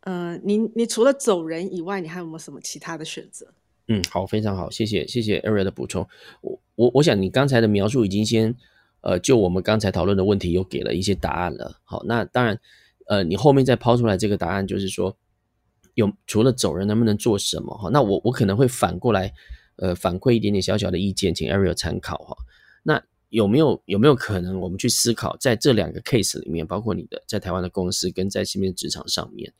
呃，你你除了走人以外，你還有沒有什麼其他的選擇？嗯，好，非常好，謝謝，謝謝 Ariel 的補充。我我我想你剛才的描述已經先，呃，就我們剛才討論的問題，又給了一些答案了。好，那當然，呃，你後面再拋出來這個答案，就是說，有除了走人，能不能做什麼？哈、哦，那我我可能會反過來，呃，反饋一點點小小的意見，請 Ariel 參考哈、哦。那有沒有有沒有可能，我們去思考在這兩個 case 裡面，包括你的在台灣的公司跟在新面職場上面？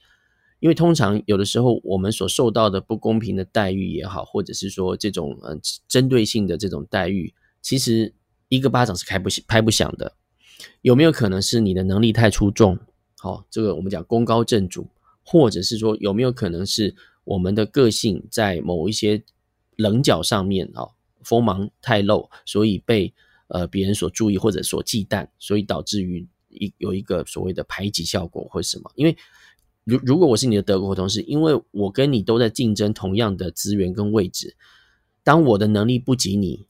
因為通常有的時候，我們所受到的不公平的待遇也好，或者是說這種、呃、針對性的這種待遇，其實一個巴掌是拍不拍不響的。有沒有可能是你的能力太出眾？好、哦，這個我們講功高震主，或者是說有沒有可能是我們的個性在某一些稜角上面、哦、鋒芒太露，所以被呃別人所注意或者所忌憚，所以導致於一有一個所謂的排擠效果或什麼？因為。如如果我是你的德國同事，因為我跟你都在競爭同樣的資源跟位置，當我的能力不及你，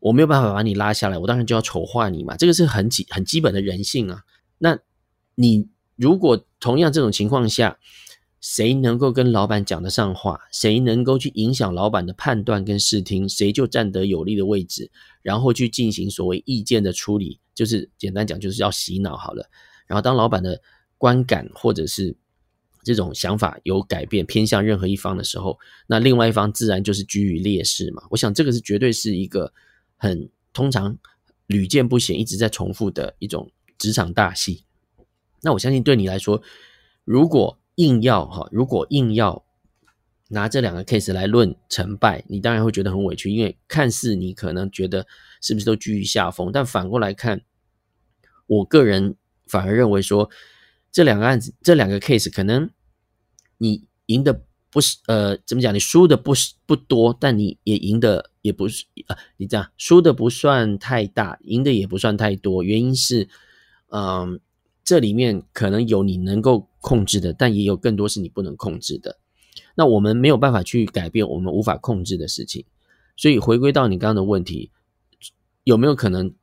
我沒有辦法把你拉下來，我當然就要醜化你嘛。這個是很基很基本的人性啊。那你如果同樣這種情況下，誰能夠跟老闆講得上話，誰能夠去影響老闆的判斷跟視聽，誰就占得有利的位置，然後去進行所謂意見的處理，就是簡單講就是要洗腦好了。然後當老闆的觀感或者是這種想法有改變，偏向任何一方的時候，那另外一方自然就是居於劣勢嘛。我想這個是絕對是一個很通常屢見不鮮、一直在重複的一種職場大戲。那我相信對你來說，如果硬要哈，如果硬要拿這兩個 case 來論成敗，你當然會覺得很委屈，因為看似你可能覺得是不是都居於下風，但反過來看，我個人反而認為說這兩個案子、這兩個 case 可能。你贏的不是，呃，怎麼講？你輸的不是不多，但你也贏的也不是、呃、你這樣輸的不算太大，贏的也不算太多。原因是，呃，這裡面可能有你能夠控制的，但也有更多是你不能控制的。那我們沒有辦法去改變我們無法控制的事情，所以回歸到你剛剛的問題，有沒有可能？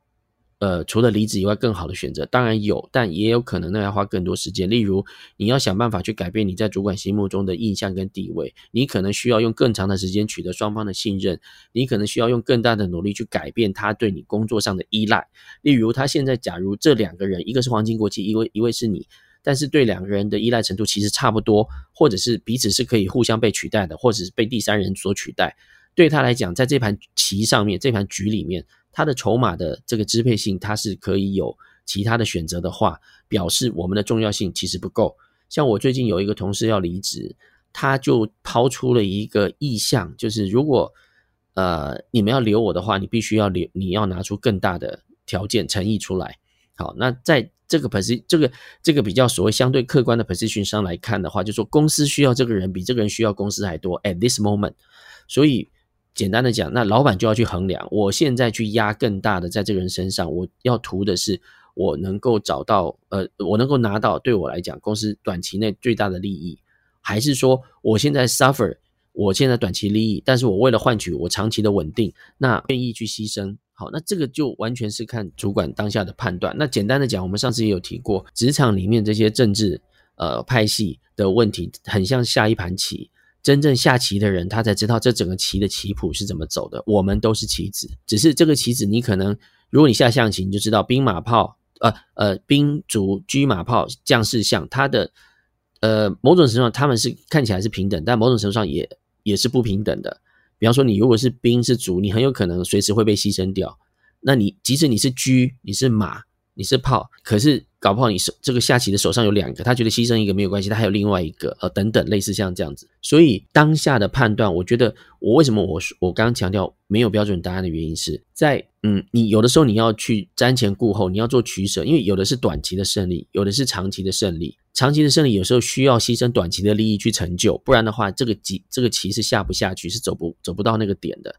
呃，除了離職以外，更好的選擇當然有，但也有可能呢，要花更多時間。例如，你要想辦法去改變你在主管心目中的印象跟地位，你可能需要用更長的時間取得雙方的信任，你可能需要用更大的努力去改變他對你工作上的依賴。例如，他現在假如這兩個人，一個是皇親國戚，一位一位是你，但是對兩個人的依賴程度其實差不多，或者是彼此是可以互相被取代的，或者是被第三人所取代。對他來講，在這盤棋上面，這盤局裡面。他的籌碼的這個支配性，他是可以有其他的選擇的話，表示我們的重要性其實不夠。像我最近有一個同事要離職，他就拋出了一個意向，就是如果呃你們要留我的話，你必須要留，你要拿出更大的條件誠意出來。好，那在這個 position，這個這個比較所謂相對客觀的 position 上來看的話，就是說公司需要這個人比這個人需要公司還多。At this moment，所以。簡單的講，那老闆就要去衡量，我現在去壓更大的在這個人身上，我要圖的是我能夠找到，呃，我能夠拿到對我來講公司短期內最大的利益，還是說我現在 suffer 我現在短期利益，但是我為了換取我長期的穩定，那願意去犧牲。好，那這個就完全是看主管當下的判斷。那簡單的講，我們上次也有提過，職場裡面這些政治，呃，派系的問題，很像下一盤棋。真正下棋的人，他才知道這整個棋的棋譜是怎麼走的。我們都是棋子，只是這個棋子，你可能如果你下象棋，你就知道兵馬炮，呃呃，兵卒、車馬炮、將士象，它的呃某種程度上他們是看起來是平等，但某種程度上也也是不平等的。比方說，你如果是兵是卒，你很有可能隨時會被犧牲掉。那你即使你是車，你是馬。你是炮，可是搞不好你手，這個下棋的手上有兩個，他覺得犧牲一個沒有關係，他還有另外一個，呃，等等，類似像這樣子。所以當下的判斷，我覺得我為什麼我我剛剛強調沒有標準答案的原因是在，嗯，你有的時候你要去瞻前顧後，你要做取捨，因為有的是短期的勝利，有的是長期的勝利。長期的勝利有時候需要犧牲短期的利益去成就，不然的話，這個棋這個棋是下不下去，是走不走不到那個點的。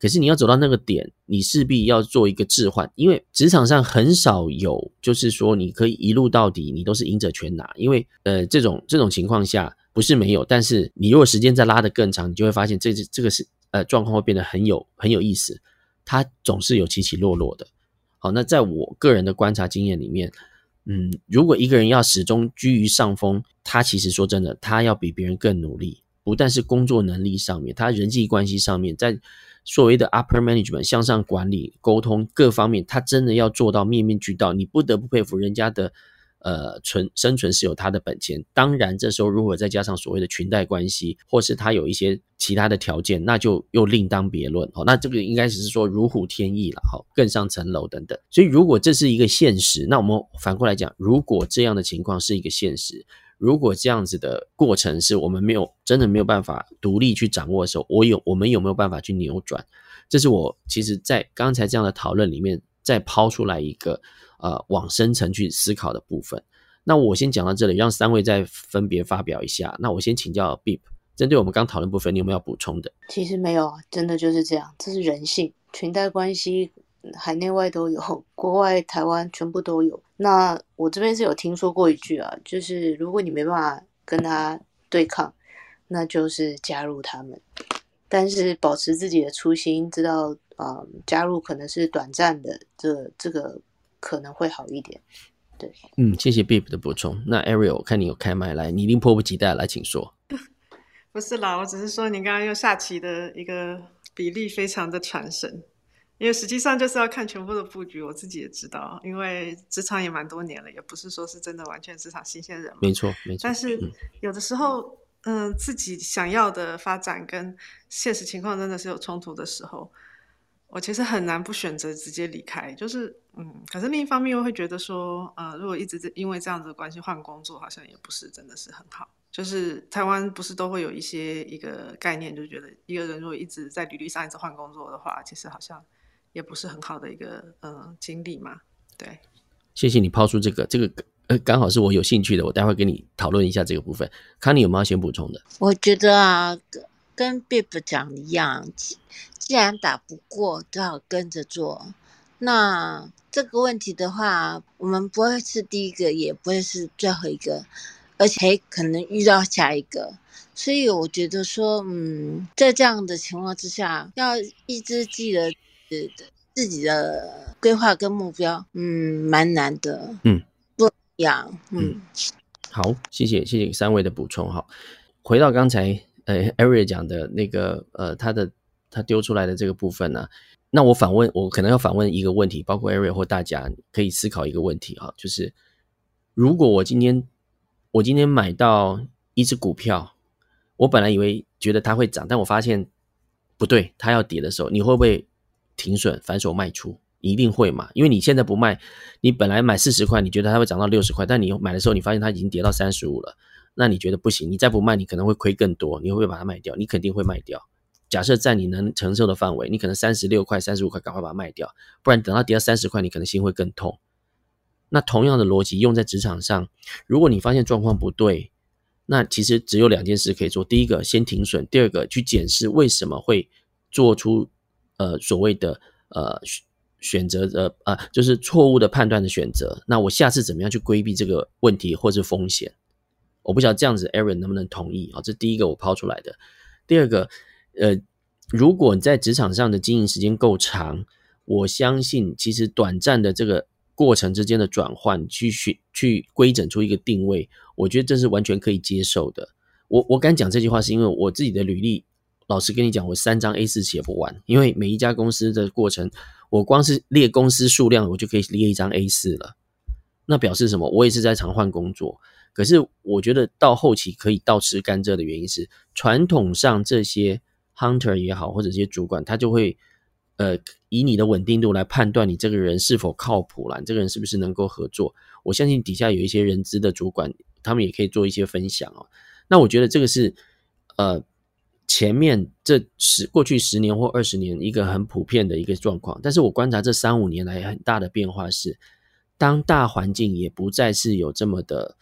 可是你要走到那個點，你勢必要做一個置換，因為職場上很少有，就是說你可以一路到底，你都是贏者全拿。因為呃，這種這種情況下不是沒有，但是你如果時間再拉得更長，你就會發現這這個是呃狀況會變得很有很有意思，它總是有起起落落的。好，那在我個人的觀察經驗裡面，嗯，如果一個人要始終居於上風，他其實說真的，他要比別人更努力，不但是工作能力上面，他人際關係上面，在所謂的 upper management 向上管理、溝通各方面，他真的要做到面面俱到，你不得不佩服人家的，呃，存生存是有他的本錢。當然，這時候如果再加上所謂的裙帶關係，或是他有一些其他的條件，那就又另當別論。好、哦，那這個應該只是說如虎添翼了，好、哦，更上層樓等等。所以，如果這是一個現實，那我們反過來講，如果這樣的情況是一個現實。如果這樣子的過程是我們沒有真的沒有辦法獨立去掌握的時候，我有我們有沒有辦法去扭轉？這是我其實在剛才這樣的討論裡面再拋出來一個呃往深層去思考的部分。那我先講到這裡，讓三位再分別發表一下。那我先請教 Bip，針對我們剛討論部分，你有沒有要補充的？其實沒有啊，真的就是這樣，這是人性、裙帶關係，海內外都有，國外、台灣全部都有。那我這邊是有聽說過一句啊，就是如果你沒辦法跟他對抗，那就是加入他們，但是保持自己的初心，知道啊、呃，加入可能是短暫的，這個、這個可能會好一點。對，嗯，謝謝 Bip 的補充。那 Ariel，我看你有開麥來，你一定迫不及待來，請說。不是啦，我只是說你剛剛用下棋的一個比例，非常的傳神。因為實際上就是要看全部的布局，我自己也知道，因為職場也蠻多年了，也不是說是真的完全職場新鮮人嘛。沒錯，沒錯。但是有的時候，嗯，呃，自己想要的發展跟現實情況真的是有衝突的時候，我其實很難不選擇直接離開。就是，嗯，可是另一方面又會覺得說，呃，如果一直因為這樣子的關係換工作，好像也不是真的是很好。就是台灣不是都會有一些一個概念，就覺得一個人如果一直在履歷上一直換工作的話，其實好像，也不是很好的一個呃經歷嘛，對。謝謝你拋出這個，這個呃剛好是我有興趣的，我待會跟你討論一下這個部分。康妮有沒有要先補充的？我覺得啊，跟 Bip 講一樣，既然打不過，最好跟着做。那這個問題的話，我們不會是第一個，也不會是最後一個，而且可能遇到下一個。所以我覺得說，嗯，在這樣的情況之下，要一直記得。是的，自己的規劃跟目標，嗯，蠻難的，嗯，不一樣。嗯，嗯，好，謝謝，謝謝三位的補充哈、喔。回到剛才，呃，Ariel 講的那個，呃，他的他丟出來的這個部分呢、啊，那我反問，我可能要反問一個問題，包括 Ariel 或大家可以思考一個問題哈、喔，就是如果我今天我今天買到一隻股票，我本來以為覺得它會漲，但我發現不對，它要跌的時候，你會不會？停損，反手賣出，一定會嘛？因為你現在不賣，你本來買四十塊，你覺得它會漲到六十塊，但你買的時候，你發現它已經跌到三十五了，那你覺得不行，你再不賣，你可能會虧更多，你會不會把它賣掉？你肯定會賣掉。假設在你能承受的範圍，你可能三十六塊、三十五塊，趕快把它賣掉，不然等到跌到三十塊，你可能心會更痛。那同樣的邏輯用在職場上，如果你發現狀況不對，那其實只有兩件事可以做：第一個，先停損；第二個，去檢視為什麼會做出。呃，所謂的呃選擇的，呃啊，就是錯誤的判斷的選擇。那我下次怎麼樣去規避這個問題或是風險？我不知道這樣子，Aaron 能不能同意啊、哦？這第一個我拋出來的。第二個，呃，如果你在職場上的經營時間夠長，我相信其實短暫的這個過程之間的轉換，去選去規整出一個定位，我覺得這是完全可以接受的。我我敢講這句話，是因為我自己的履歷。老師跟你講，我三張 A 四寫不完，因為每一家公司的過程，我光是列公司數量，我就可以列一張 A 四了。那表示什麼？我也是在常換工作。可是我覺得到後期可以倒吃甘蔗的原因是，傳統上這些 hunter 也好，或者這些主管，他就會呃以你的穩定度來判斷你這個人是否靠譜了，你這個人是不是能夠合作。我相信底下有一些人資的主管，他們也可以做一些分享哦。那我覺得這個是呃。前面這十過去十年或二十年，一個很普遍的一個狀況。但是我觀察這三五年來很大的變化是，當大環境也不再是有這麼的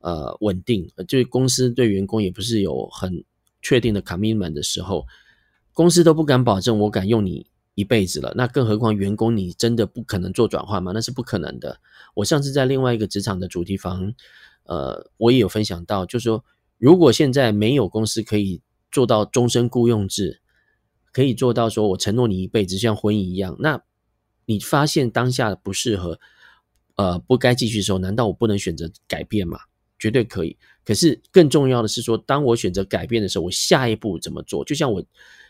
呃穩定，就是公司對員工也不是有很確定的 commitment 的時候，公司都不敢保證我敢用你一輩子了。那更何況員工，你真的不可能做轉換嗎？那是不可能的。我上次在另外一個職場的主題房，呃，我也有分享到，就是說，如果現在沒有公司可以。做到終身雇傭制，可以做到說我承諾你一輩子，像婚姻一樣。那你發現當下不適合，呃，不該繼續的時候，難道我不能選擇改變嗎？絕對可以。可是更重要的是說，當我選擇改變的時候，我下一步怎麼做？就像我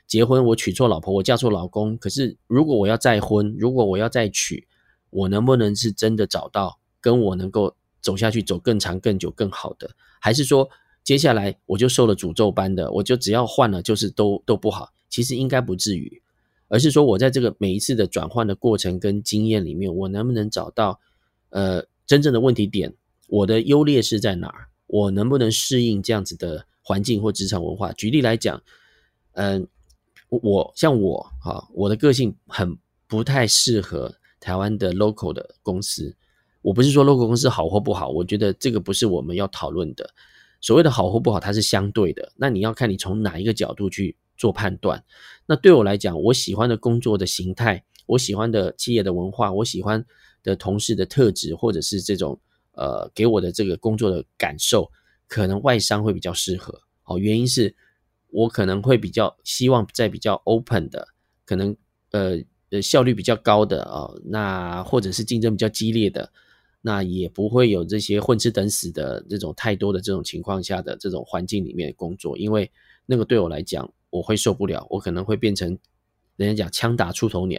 結婚，我娶錯老婆，我嫁錯老公。可是如果我要再婚，如果我要再娶，我能不能是真的找到跟我能夠走下去、走更長、更久、更好的？還是說？接下來我就受了詛咒般的，我就只要換了就是都都不好。其實應該不至於，而是說我在這個每一次的轉換的過程跟經驗裡面，我能不能找到呃真正的問題點？我的優劣勢在哪兒？我能不能適應這樣子的環境或職場文化？舉例來講，嗯，我像我哈、啊，我的個性很不太適合台灣的 local 的公司。我不是說 local 公司好或不好，我覺得這個不是我們要討論的。所謂的好或不好，它是相對的。那你要看你從哪一個角度去做判斷。那對我來講，我喜歡的工作的形態，我喜歡的企業的文化，我喜歡的同事的特質，或者是這種呃，給我的這個工作的感受，可能外商會比較適合。哦，原因是，我可能會比較希望在比較 open 的，可能呃呃效率比較高的啊，哦，那或者是競爭比較激烈的。那也不會有這些混吃等死的這種太多的這種情況下的這種環境裡面工作，因為那個對我來講，我會受不了，我可能會變成人家講槍打出頭鳥，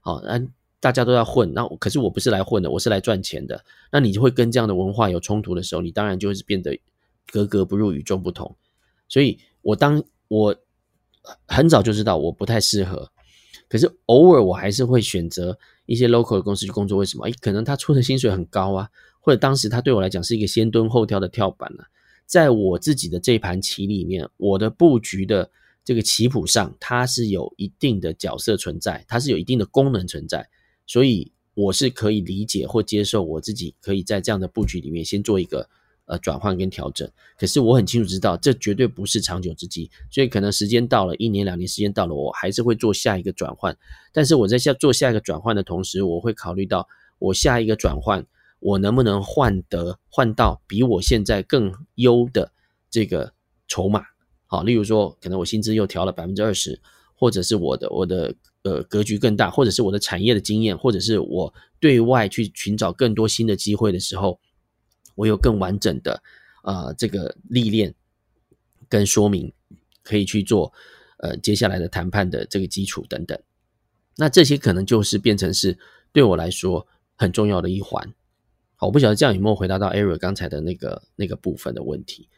好，那大家都在混，那可是我不是來混的，我是來賺錢的。那你會跟這樣的文化有衝突的時候，你當然就會是變得格格不入、與眾不同。所以我當我很早就知道我不太適合。可是偶爾我還是會選擇一些 local 的公司去工作。為什麼？哎，可能他出的薪水很高啊，或者當時他對我來講是一個先蹲後跳的跳板啊。在我自己的這盤棋裡面，我的布局的這個棋譜上，它是有一定的角色存在，它是有一定的功能存在，所以我是可以理解或接受我自己可以在這樣的布局裡面先做一個。呃，轉換跟調整，可是我很清楚知道，這絕對不是長久之計，所以可能時間到了，一年兩年時間到了，我還是會做下一個轉換。但是我在下做下一個轉換的同時，我會考慮到我下一個轉換，我能不能換得換到比我現在更優的這個籌碼。好，例如說，可能我薪資又調了百分之二十，或者是我的我的呃格局更大，或者是我的產業的經驗，或者是我對外去尋找更多新的機會的時候。我有更完整的啊、呃，這個歷練跟說明，可以去做呃接下來的談判的這個基礎等等。那這些可能就是變成是對我來說很重要的一環。好，我不曉得這樣有沒有回答到 Ary 剛才的那個那個部分的問題。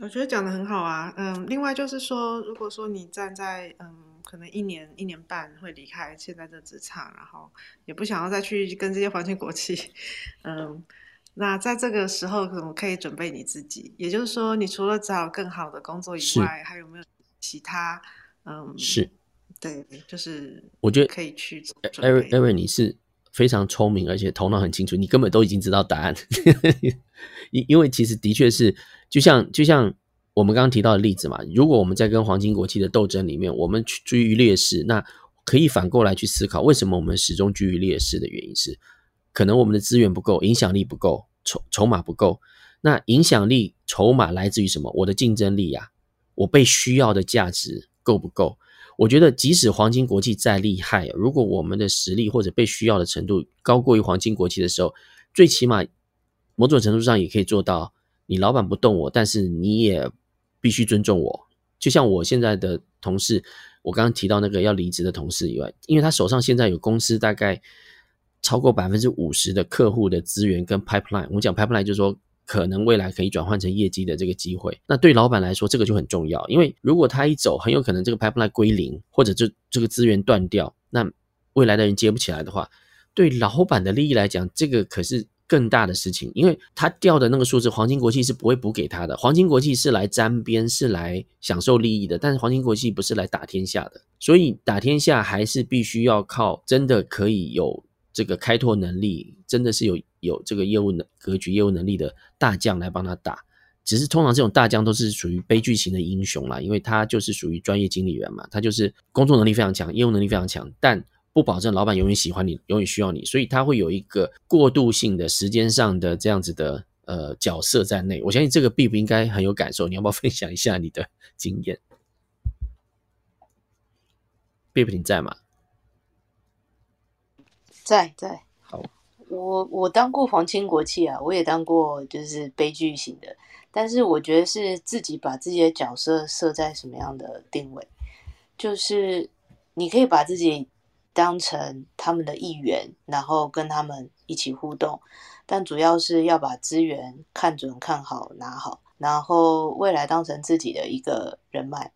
我覺得講得很好啊。嗯，另外就是說，如果說你站在嗯，可能一年一年半會離開現在的職場，然後也不想要再去跟這些皇親國戚嗯。那在這個時候，可能可以準備你自己？也就是說，你除了找更好的工作以外，還有沒有其他？嗯，是，對，就是我覺得可以去。Evan，Evan，你是非常聰明，而且頭腦很清楚，你根本都已經知道答案。因 [LAUGHS] 因為其實的確是，就像就像我們剛剛提到的例子嘛，如果我們在跟黃金國際的鬥爭裡面，我們去居於劣勢，那可以反過來去思考，為什麼我們始終居於劣勢的原因是？可能我們的資源不夠，影響力不夠，籌籌碼不夠。那影響力、籌碼來自於什麼？我的競爭力呀，我被需要的價值夠不夠？我覺得，即使黃金國際再厲害，如果我們的實力或者被需要的程度高過於黃金國際的時候，最起碼某種程度上也可以做到，你老闆不動我，但是你也必須尊重我。就像我現在的同事，我剛剛提到那個要離職的同事以外，因為他手上現在有公司，大概。超過百分之五十的客戶的資源跟 pipeline，我們講 pipeline 就是說，可能未來可以轉換成業績的這個機會。那對老板來說，這個就很重要，因為如果他一走，很有可能這個 pipeline 歸零，或者這這個資源斷掉，那未來的人接不起來的話，對老板的利益來講，這個可是更大的事情，因為他掉的那個數字，皇親國戚是不會補給他的。皇親國戚是來沾邊，是來享受利益的，但是皇親國戚不是來打天下的，所以打天下還是必須要靠真的可以有。這個開拓能力真的是有有這個業務能格局、業務能力的大將來幫他打，只是通常這種大將都是屬於悲劇型的英雄啦，因為他就是屬於專業經理人嘛，他就是工作能力非常強、業務能力非常強，但不保證老板永遠喜歡你、永遠需要你，所以他會有一個過渡性的時間上的這樣子的呃角色在內。我相信這個 Bip 應該很有感受，你要不要分享一下你的經驗？嗯，Bip 你在嗎？在在好，我我當過皇親國戚啊，我也當過就是悲劇型的，但是我覺得是自己把自己的角色設在什麼樣的定位，就是你可以把自己當成他們的一員，然後跟他們一起互動，但主要是要把資源看準看好拿好，然後未來當成自己的一個人脈，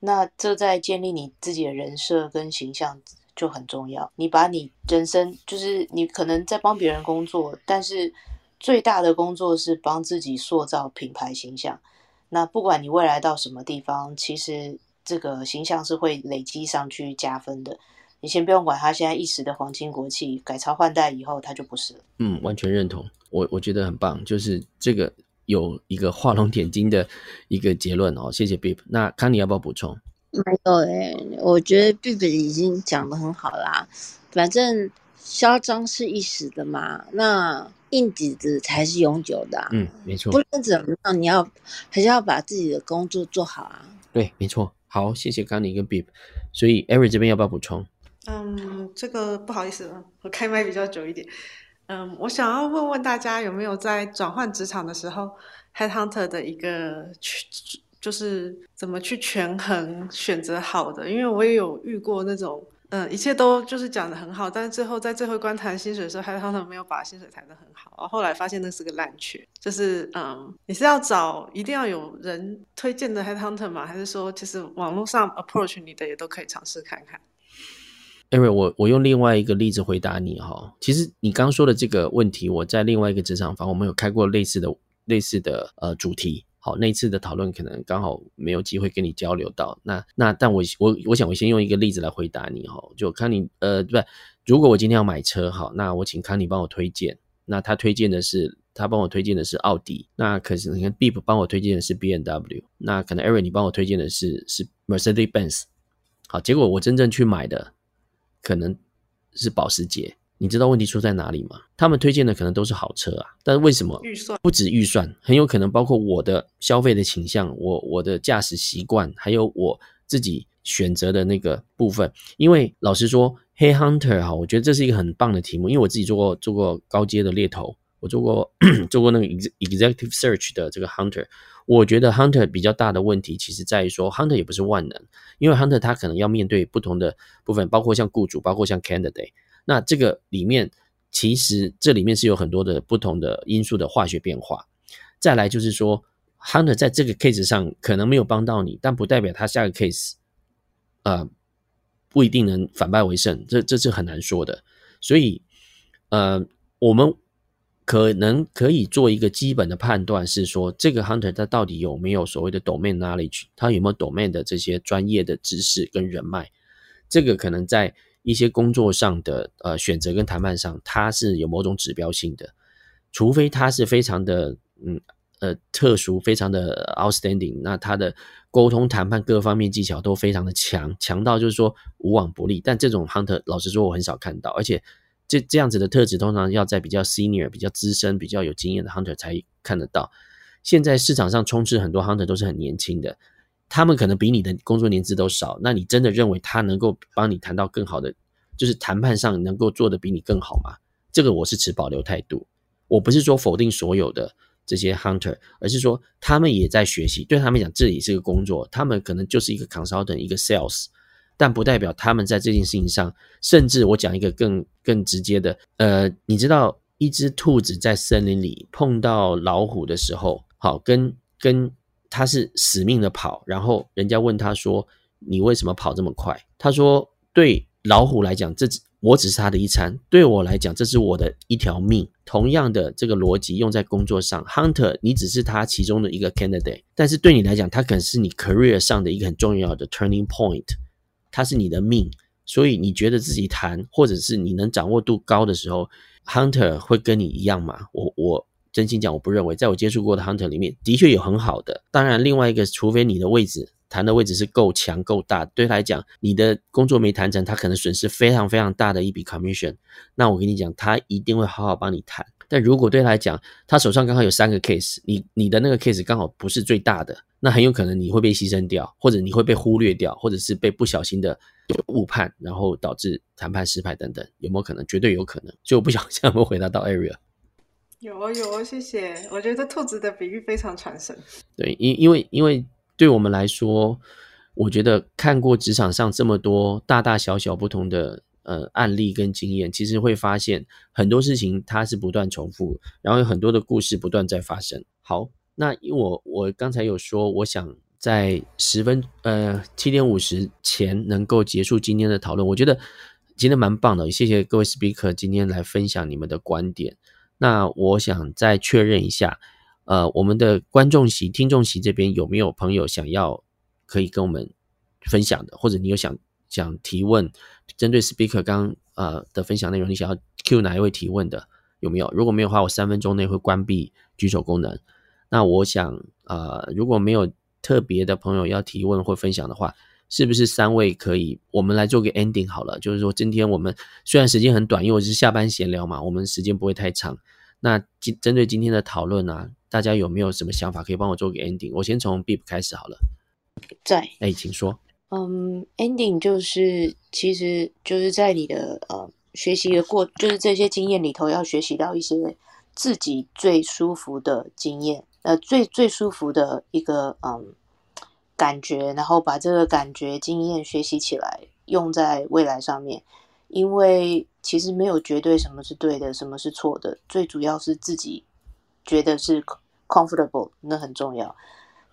那這在建立你自己的人設跟形象，就很重要。你把你人生，就是你可能在幫別人工作，但是最大的工作是幫自己塑造品牌形象。那不管你未來到什麼地方，其實這個形象是會累積上去加分的。你先不用管他現在一時的皇親國戚，改朝換代以後他就不是了。嗯，完全認同。我我覺得很棒，就是這個有一個畫龍點睛的一個結論哦。謝謝 Bip。那康，你要不要補充？沒有誒、欸，我覺得 Bib 已經講得很好了啦。反正囂張是一時的嘛，那硬底子才是永久的、啊。嗯，沒錯。不論怎麼樣，你要還是要把自己的工作做好啊。對，沒錯。好，謝謝剛你跟 Bib。所以 Avery 這邊要不要補充？嗯，這個不好意思，我開麥比較久一點。嗯，我想要問問大家，有沒有在轉換職場的時候 Headhunter 的一個去？去就是怎麼去權衡選擇好的，因為我也有遇過那種，嗯，一切都就是講得很好，但是最後在最後一關談薪水的時候，headhunter [NOISE] 沒有把薪水談得很好，然後後來發現那是個爛缺。就是，嗯，你是要找一定要有人推薦的 headhunter 嘛，還是說其實網絡上 approach 你的也都可以嘗試看看 Eric 我我用另外一個例子回答你哈。其實你剛,剛說的這個問題，我在另外一個職場房我們有開過類似的類似的呃主題。好，那一次的討論可能剛好沒有機會跟你交流到。那那，但我我我想我先用一個例子來回答你哈，就看你呃，不，如果我今天要買車哈，那我請康尼幫我推薦，那他推薦的是他幫我推薦的是奧迪，那可是你看 Bip 幫我推薦的是 BMW，那可能 Aaron 你幫我推薦的是是 Mercedes-Benz，好，結果我真正去買的可能是保時捷。你知道問題出在哪裡嗎？他們推薦的可能都是好車啊，但是為什麼？預算不止預算，很有可能包括我的消費的傾向，我我的駕駛習慣，還有我自己選擇的那個部分。因為老實說，Hey Hunter 哈，我覺得這是一個很棒的題目，因為我自己做過做過高階的獵頭，我做過 [COUGHS] 做過那個 ex executive search 的這個 Hunter，我覺得 Hunter 比較大的問題，其實在於說 Hunter 也不是萬能，因為 Hunter 他可能要面對不同的部分，包括像雇主，包括像 candidate。那這個裡面，其實這裡面是有很多的不同的因素的化學變化。再來就是說，hunter 在這個 case 上可能沒有幫到你，但不代表他下個 case，啊、呃，不一定能反敗為勝，這這是很難說的。所以，呃，我們可能可以做一個基本的判斷，是說這個 hunter 他到底有沒有所謂的 domain knowledge，他有沒有 domain 的這些專業的知識跟人脈，這個可能在。一些工作上的呃選擇跟談判上，它是有某種指標性的，除非他是非常的嗯呃特殊，非常的 outstanding，那他的溝通談判各方面技巧都非常的強，強到就是說無往不利。但這種 hunter，老實說，我很少看到，而且這這樣子的特質，通常要在比較 senior、比較資深、比較有經驗的 hunter 才看得到。現在市場上充斥很多 hunter 都是很年輕的。他們可能比你的工作年資都少，那你真的認為他能夠幫你談到更好的，就是談判上能夠做得比你更好嗎？這個我是持保留態度。我不是說否定所有的這些 hunter，而是說他們也在學習。對他們講，這也是個工作，他們可能就是一個 consultant，一個 sales，但不代表他們在這件事情上，甚至我講一個更更直接的，呃，你知道一隻兔子在森林裡碰到老虎的時候，好跟跟。跟他是死命的跑，然後人家問他說：“你為什麼跑這麼快？”他說：“對老虎來講，這隻我只是他的一餐；對我來講，這是我的一條命。”同樣的這個邏輯用在工作上，Hunter，你只是他其中的一個 candidate，但是對你來講，他可能是你 career 上的一個很重要的 turning point，他是你的命。所以你覺得自己談或者是你能掌握度高的時候，Hunter 會跟你一樣嗎？我我。真心講，我不認為，在我接觸過的 hunter 裡面，的確有很好的。當然，另外一個，除非你的位置談的位置是夠強夠大，對他來講，你的工作沒談成，他可能損失非常非常大的一筆 commission。那我跟你講，他一定會好好幫你談。但如果對他來講，他手上剛好有三個 case，你你的那個 case 剛好不是最大的，那很有可能你會被犧牲掉，或者你會被忽略掉，或者是被不小心的誤判，然後導致談判失敗等等，有沒有可能？絕對有可能。所以我不想現在回答到 area。有哦，有哦，謝謝。我覺得兔子的比喻非常傳神。對，因為因為因為，對我們來說，我覺得看過職場上這麼多大大小小不同的呃案例跟經驗，其實會發現很多事情它是不斷重複，然後有很多的故事不斷在發生。好，那因為我我剛才有說，我想在十分呃七點五十前能夠結束今天的討論。我覺得今天蠻棒的，謝謝各位 speaker 今天來分享你們的觀點。那我想再確認一下，呃，我們的觀眾席、聽眾席這邊有沒有朋友想要可以跟我們分享的，或者你有想想提問，針對 speaker 剛呃的分享內容，你想要 Q 哪一位提問的？有沒有？如果沒有的話，我三分鐘內會關閉舉手功能。那我想，呃，如果沒有特別的朋友要提問或分享的話。是不是三位可以？我們來做個 ending 好了，就是說今天我們雖然時間很短，因為我是下班閒聊嘛，我們時間不會太長。那針對今天的討論啊，大家有沒有什麼想法可以幫我做個 ending？我先從 beep 開始好了。在哎，請說。嗯，um, ending 就是其實就是在你的呃學習的過，就是這些經驗裡頭要學習到一些自己最舒服的經驗，呃，最最舒服的一個嗯。感覺，然後把這個感覺、經驗學習起來，用在未來上面。因為其實沒有絕對什麼是對的，什麼是錯的，最主要是自己覺得是 comfortable，那很重要。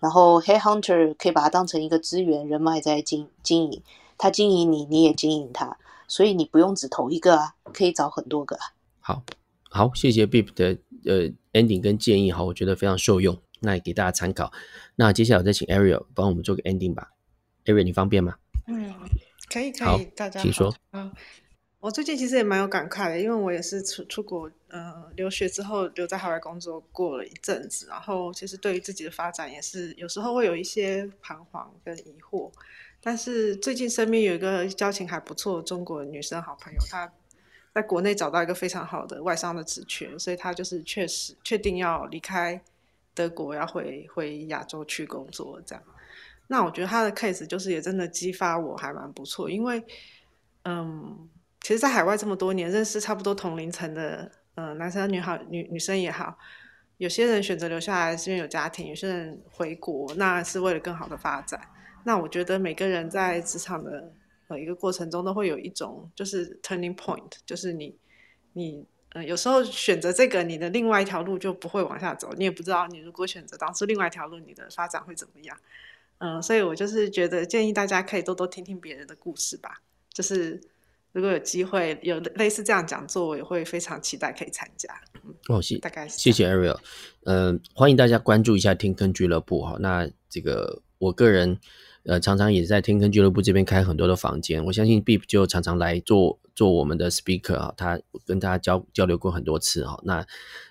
然後，Head Hunter 可以把它當成一個資源，人脈在經經營，他經營你，你也經營他，所以你不用只投一個啊，可以找很多個啊。好，好，謝謝 BIP 的呃 ending 跟建議，好，我覺得非常受用。那也給大家參考。那接下來我再請 Ariel 幫我們做個 ending 吧。Ariel，你方便嗎？嗯，可以，可以。大家請說，哦。我最近其實也蠻有感慨的，因為我也是出出國，呃，留學之後留在海外工作過了一陣子，然後其實對於自己的發展也是有時候會有一些彷徨跟疑惑。但是最近身邊有一個交情還不錯的中國的女生好朋友，她在國內找到一個非常好的外商的職缺，所以她就是確實確定要離開。德國要回回亞洲去工作，這樣，那我覺得他的 case 就是也真的激發我還蠻不錯，因為，嗯，其實，在海外這麼多年，認識差不多同齡層的，嗯、呃，男生女好，女女生也好，有些人選擇留下來是因為有家庭，有些人回國那是為了更好的發展。那我覺得每個人在職場的呃一個過程中，都會有一種就是 turning point，就是你你。嗯、有時候選擇這個，你的另外一條路就不會往下走，你也不知道你如果選擇當初另外一條路，你的發展會怎麼樣。嗯，所以我就是覺得建議大家可以多多聽聽別人的故事吧。就是如果有機會有類似這樣講座，我也會非常期待可以參加。嗯、哦，謝，謝謝 Ariel。嗯、呃，歡迎大家關注一下天坑俱樂部，那這個我個人。呃，常常也在天坑俱樂部這邊開很多的房間。我相信 Bip 就常常來做做我們的 speaker 啊，哦，他跟他交交流過很多次哈，哦，那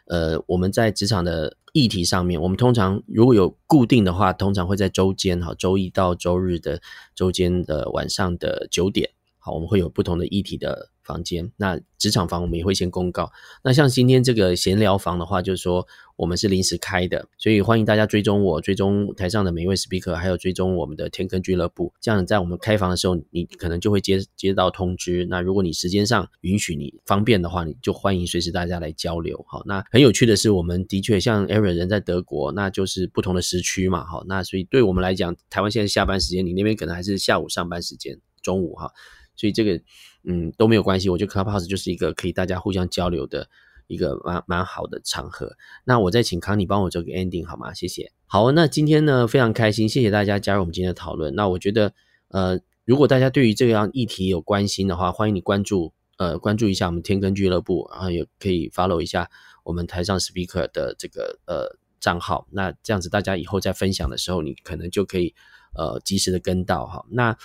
呃，我們在職場的議題上面，我們通常如果有固定的話，通常會在周間哈，哦，周一到周日的周間的晚上的九點，好，我們會有不同的議題的。房間，那職場房我們也會先公告。那像今天這個閒聊房的話，就是說我們是臨時開的，所以歡迎大家追蹤我，追蹤台上的每一位 speaker，還有追蹤我們的天坑俱樂部。這樣在我們開房的時候，你可能就會接接到通知。那如果你時間上允許你方便的話，你就歡迎隨時大家來交流哈。那很有趣的是，我們的確像 Eric 人在德國，那就是不同的時區嘛，哈。那所以對我們來講，台灣現在下班時間，你那邊可能還是下午上班時間，中午哈。所以這個。嗯，都沒有關係。我覺得 Clubhouse 就是一個可以大家互相交流的一個蠻蠻好的場合。那我再請康妮幫我做個 ending，好嗎？謝謝。好，那今天呢，非常開心，謝謝大家加入我們今天的討論。那我覺得，呃，如果大家對於這個樣議題有關心的話，歡迎你關注，呃，關注一下我們天坑俱樂部，然後也可以 follow 一下我們台上 speaker 的這個呃賬號。那這樣子大家以後在分享的時候，你可能就可以呃及時的跟到哈。那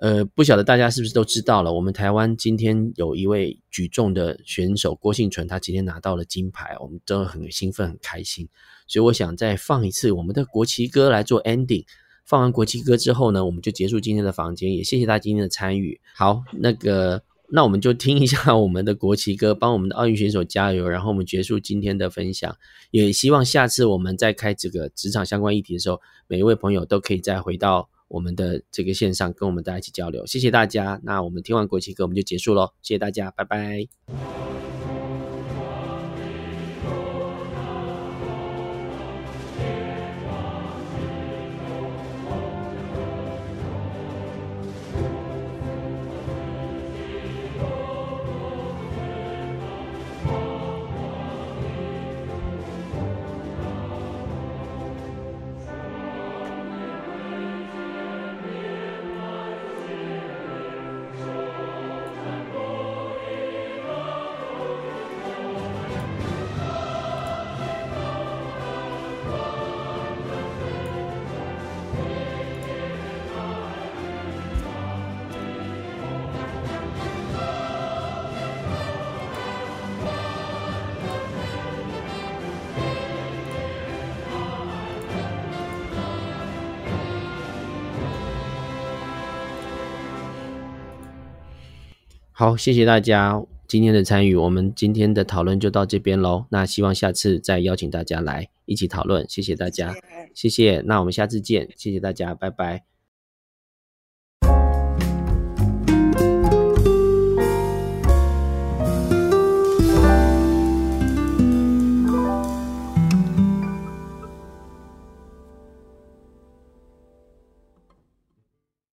呃，不曉得大家是不是都知道了？我們台灣今天有一位舉重的選手郭婞淳，他今天拿到了金牌，我們都很興奮、很開心。所以我想再放一次我們的國旗歌來做 ending。放完國旗歌之後呢，我們就結束今天的房間，也謝謝大家今天的參與。好，那個，那我們就聽一下我們的國旗歌，幫我們的奧運選手加油。然後我們結束今天的分享，也希望下次我們再開這個職場相關議題的時候，每一位朋友都可以再回到。我們的這個線上跟我們大家一起交流，謝謝大家。那我們聽完國旗歌，我們就結束嘍。謝謝大家，拜拜。好，謝謝大家今天的參與，我們今天的討論就到這邊嘍。那希望下次再邀請大家來一起討論，謝謝大家，謝謝。謝謝，那我們下次見，謝謝大家，拜拜。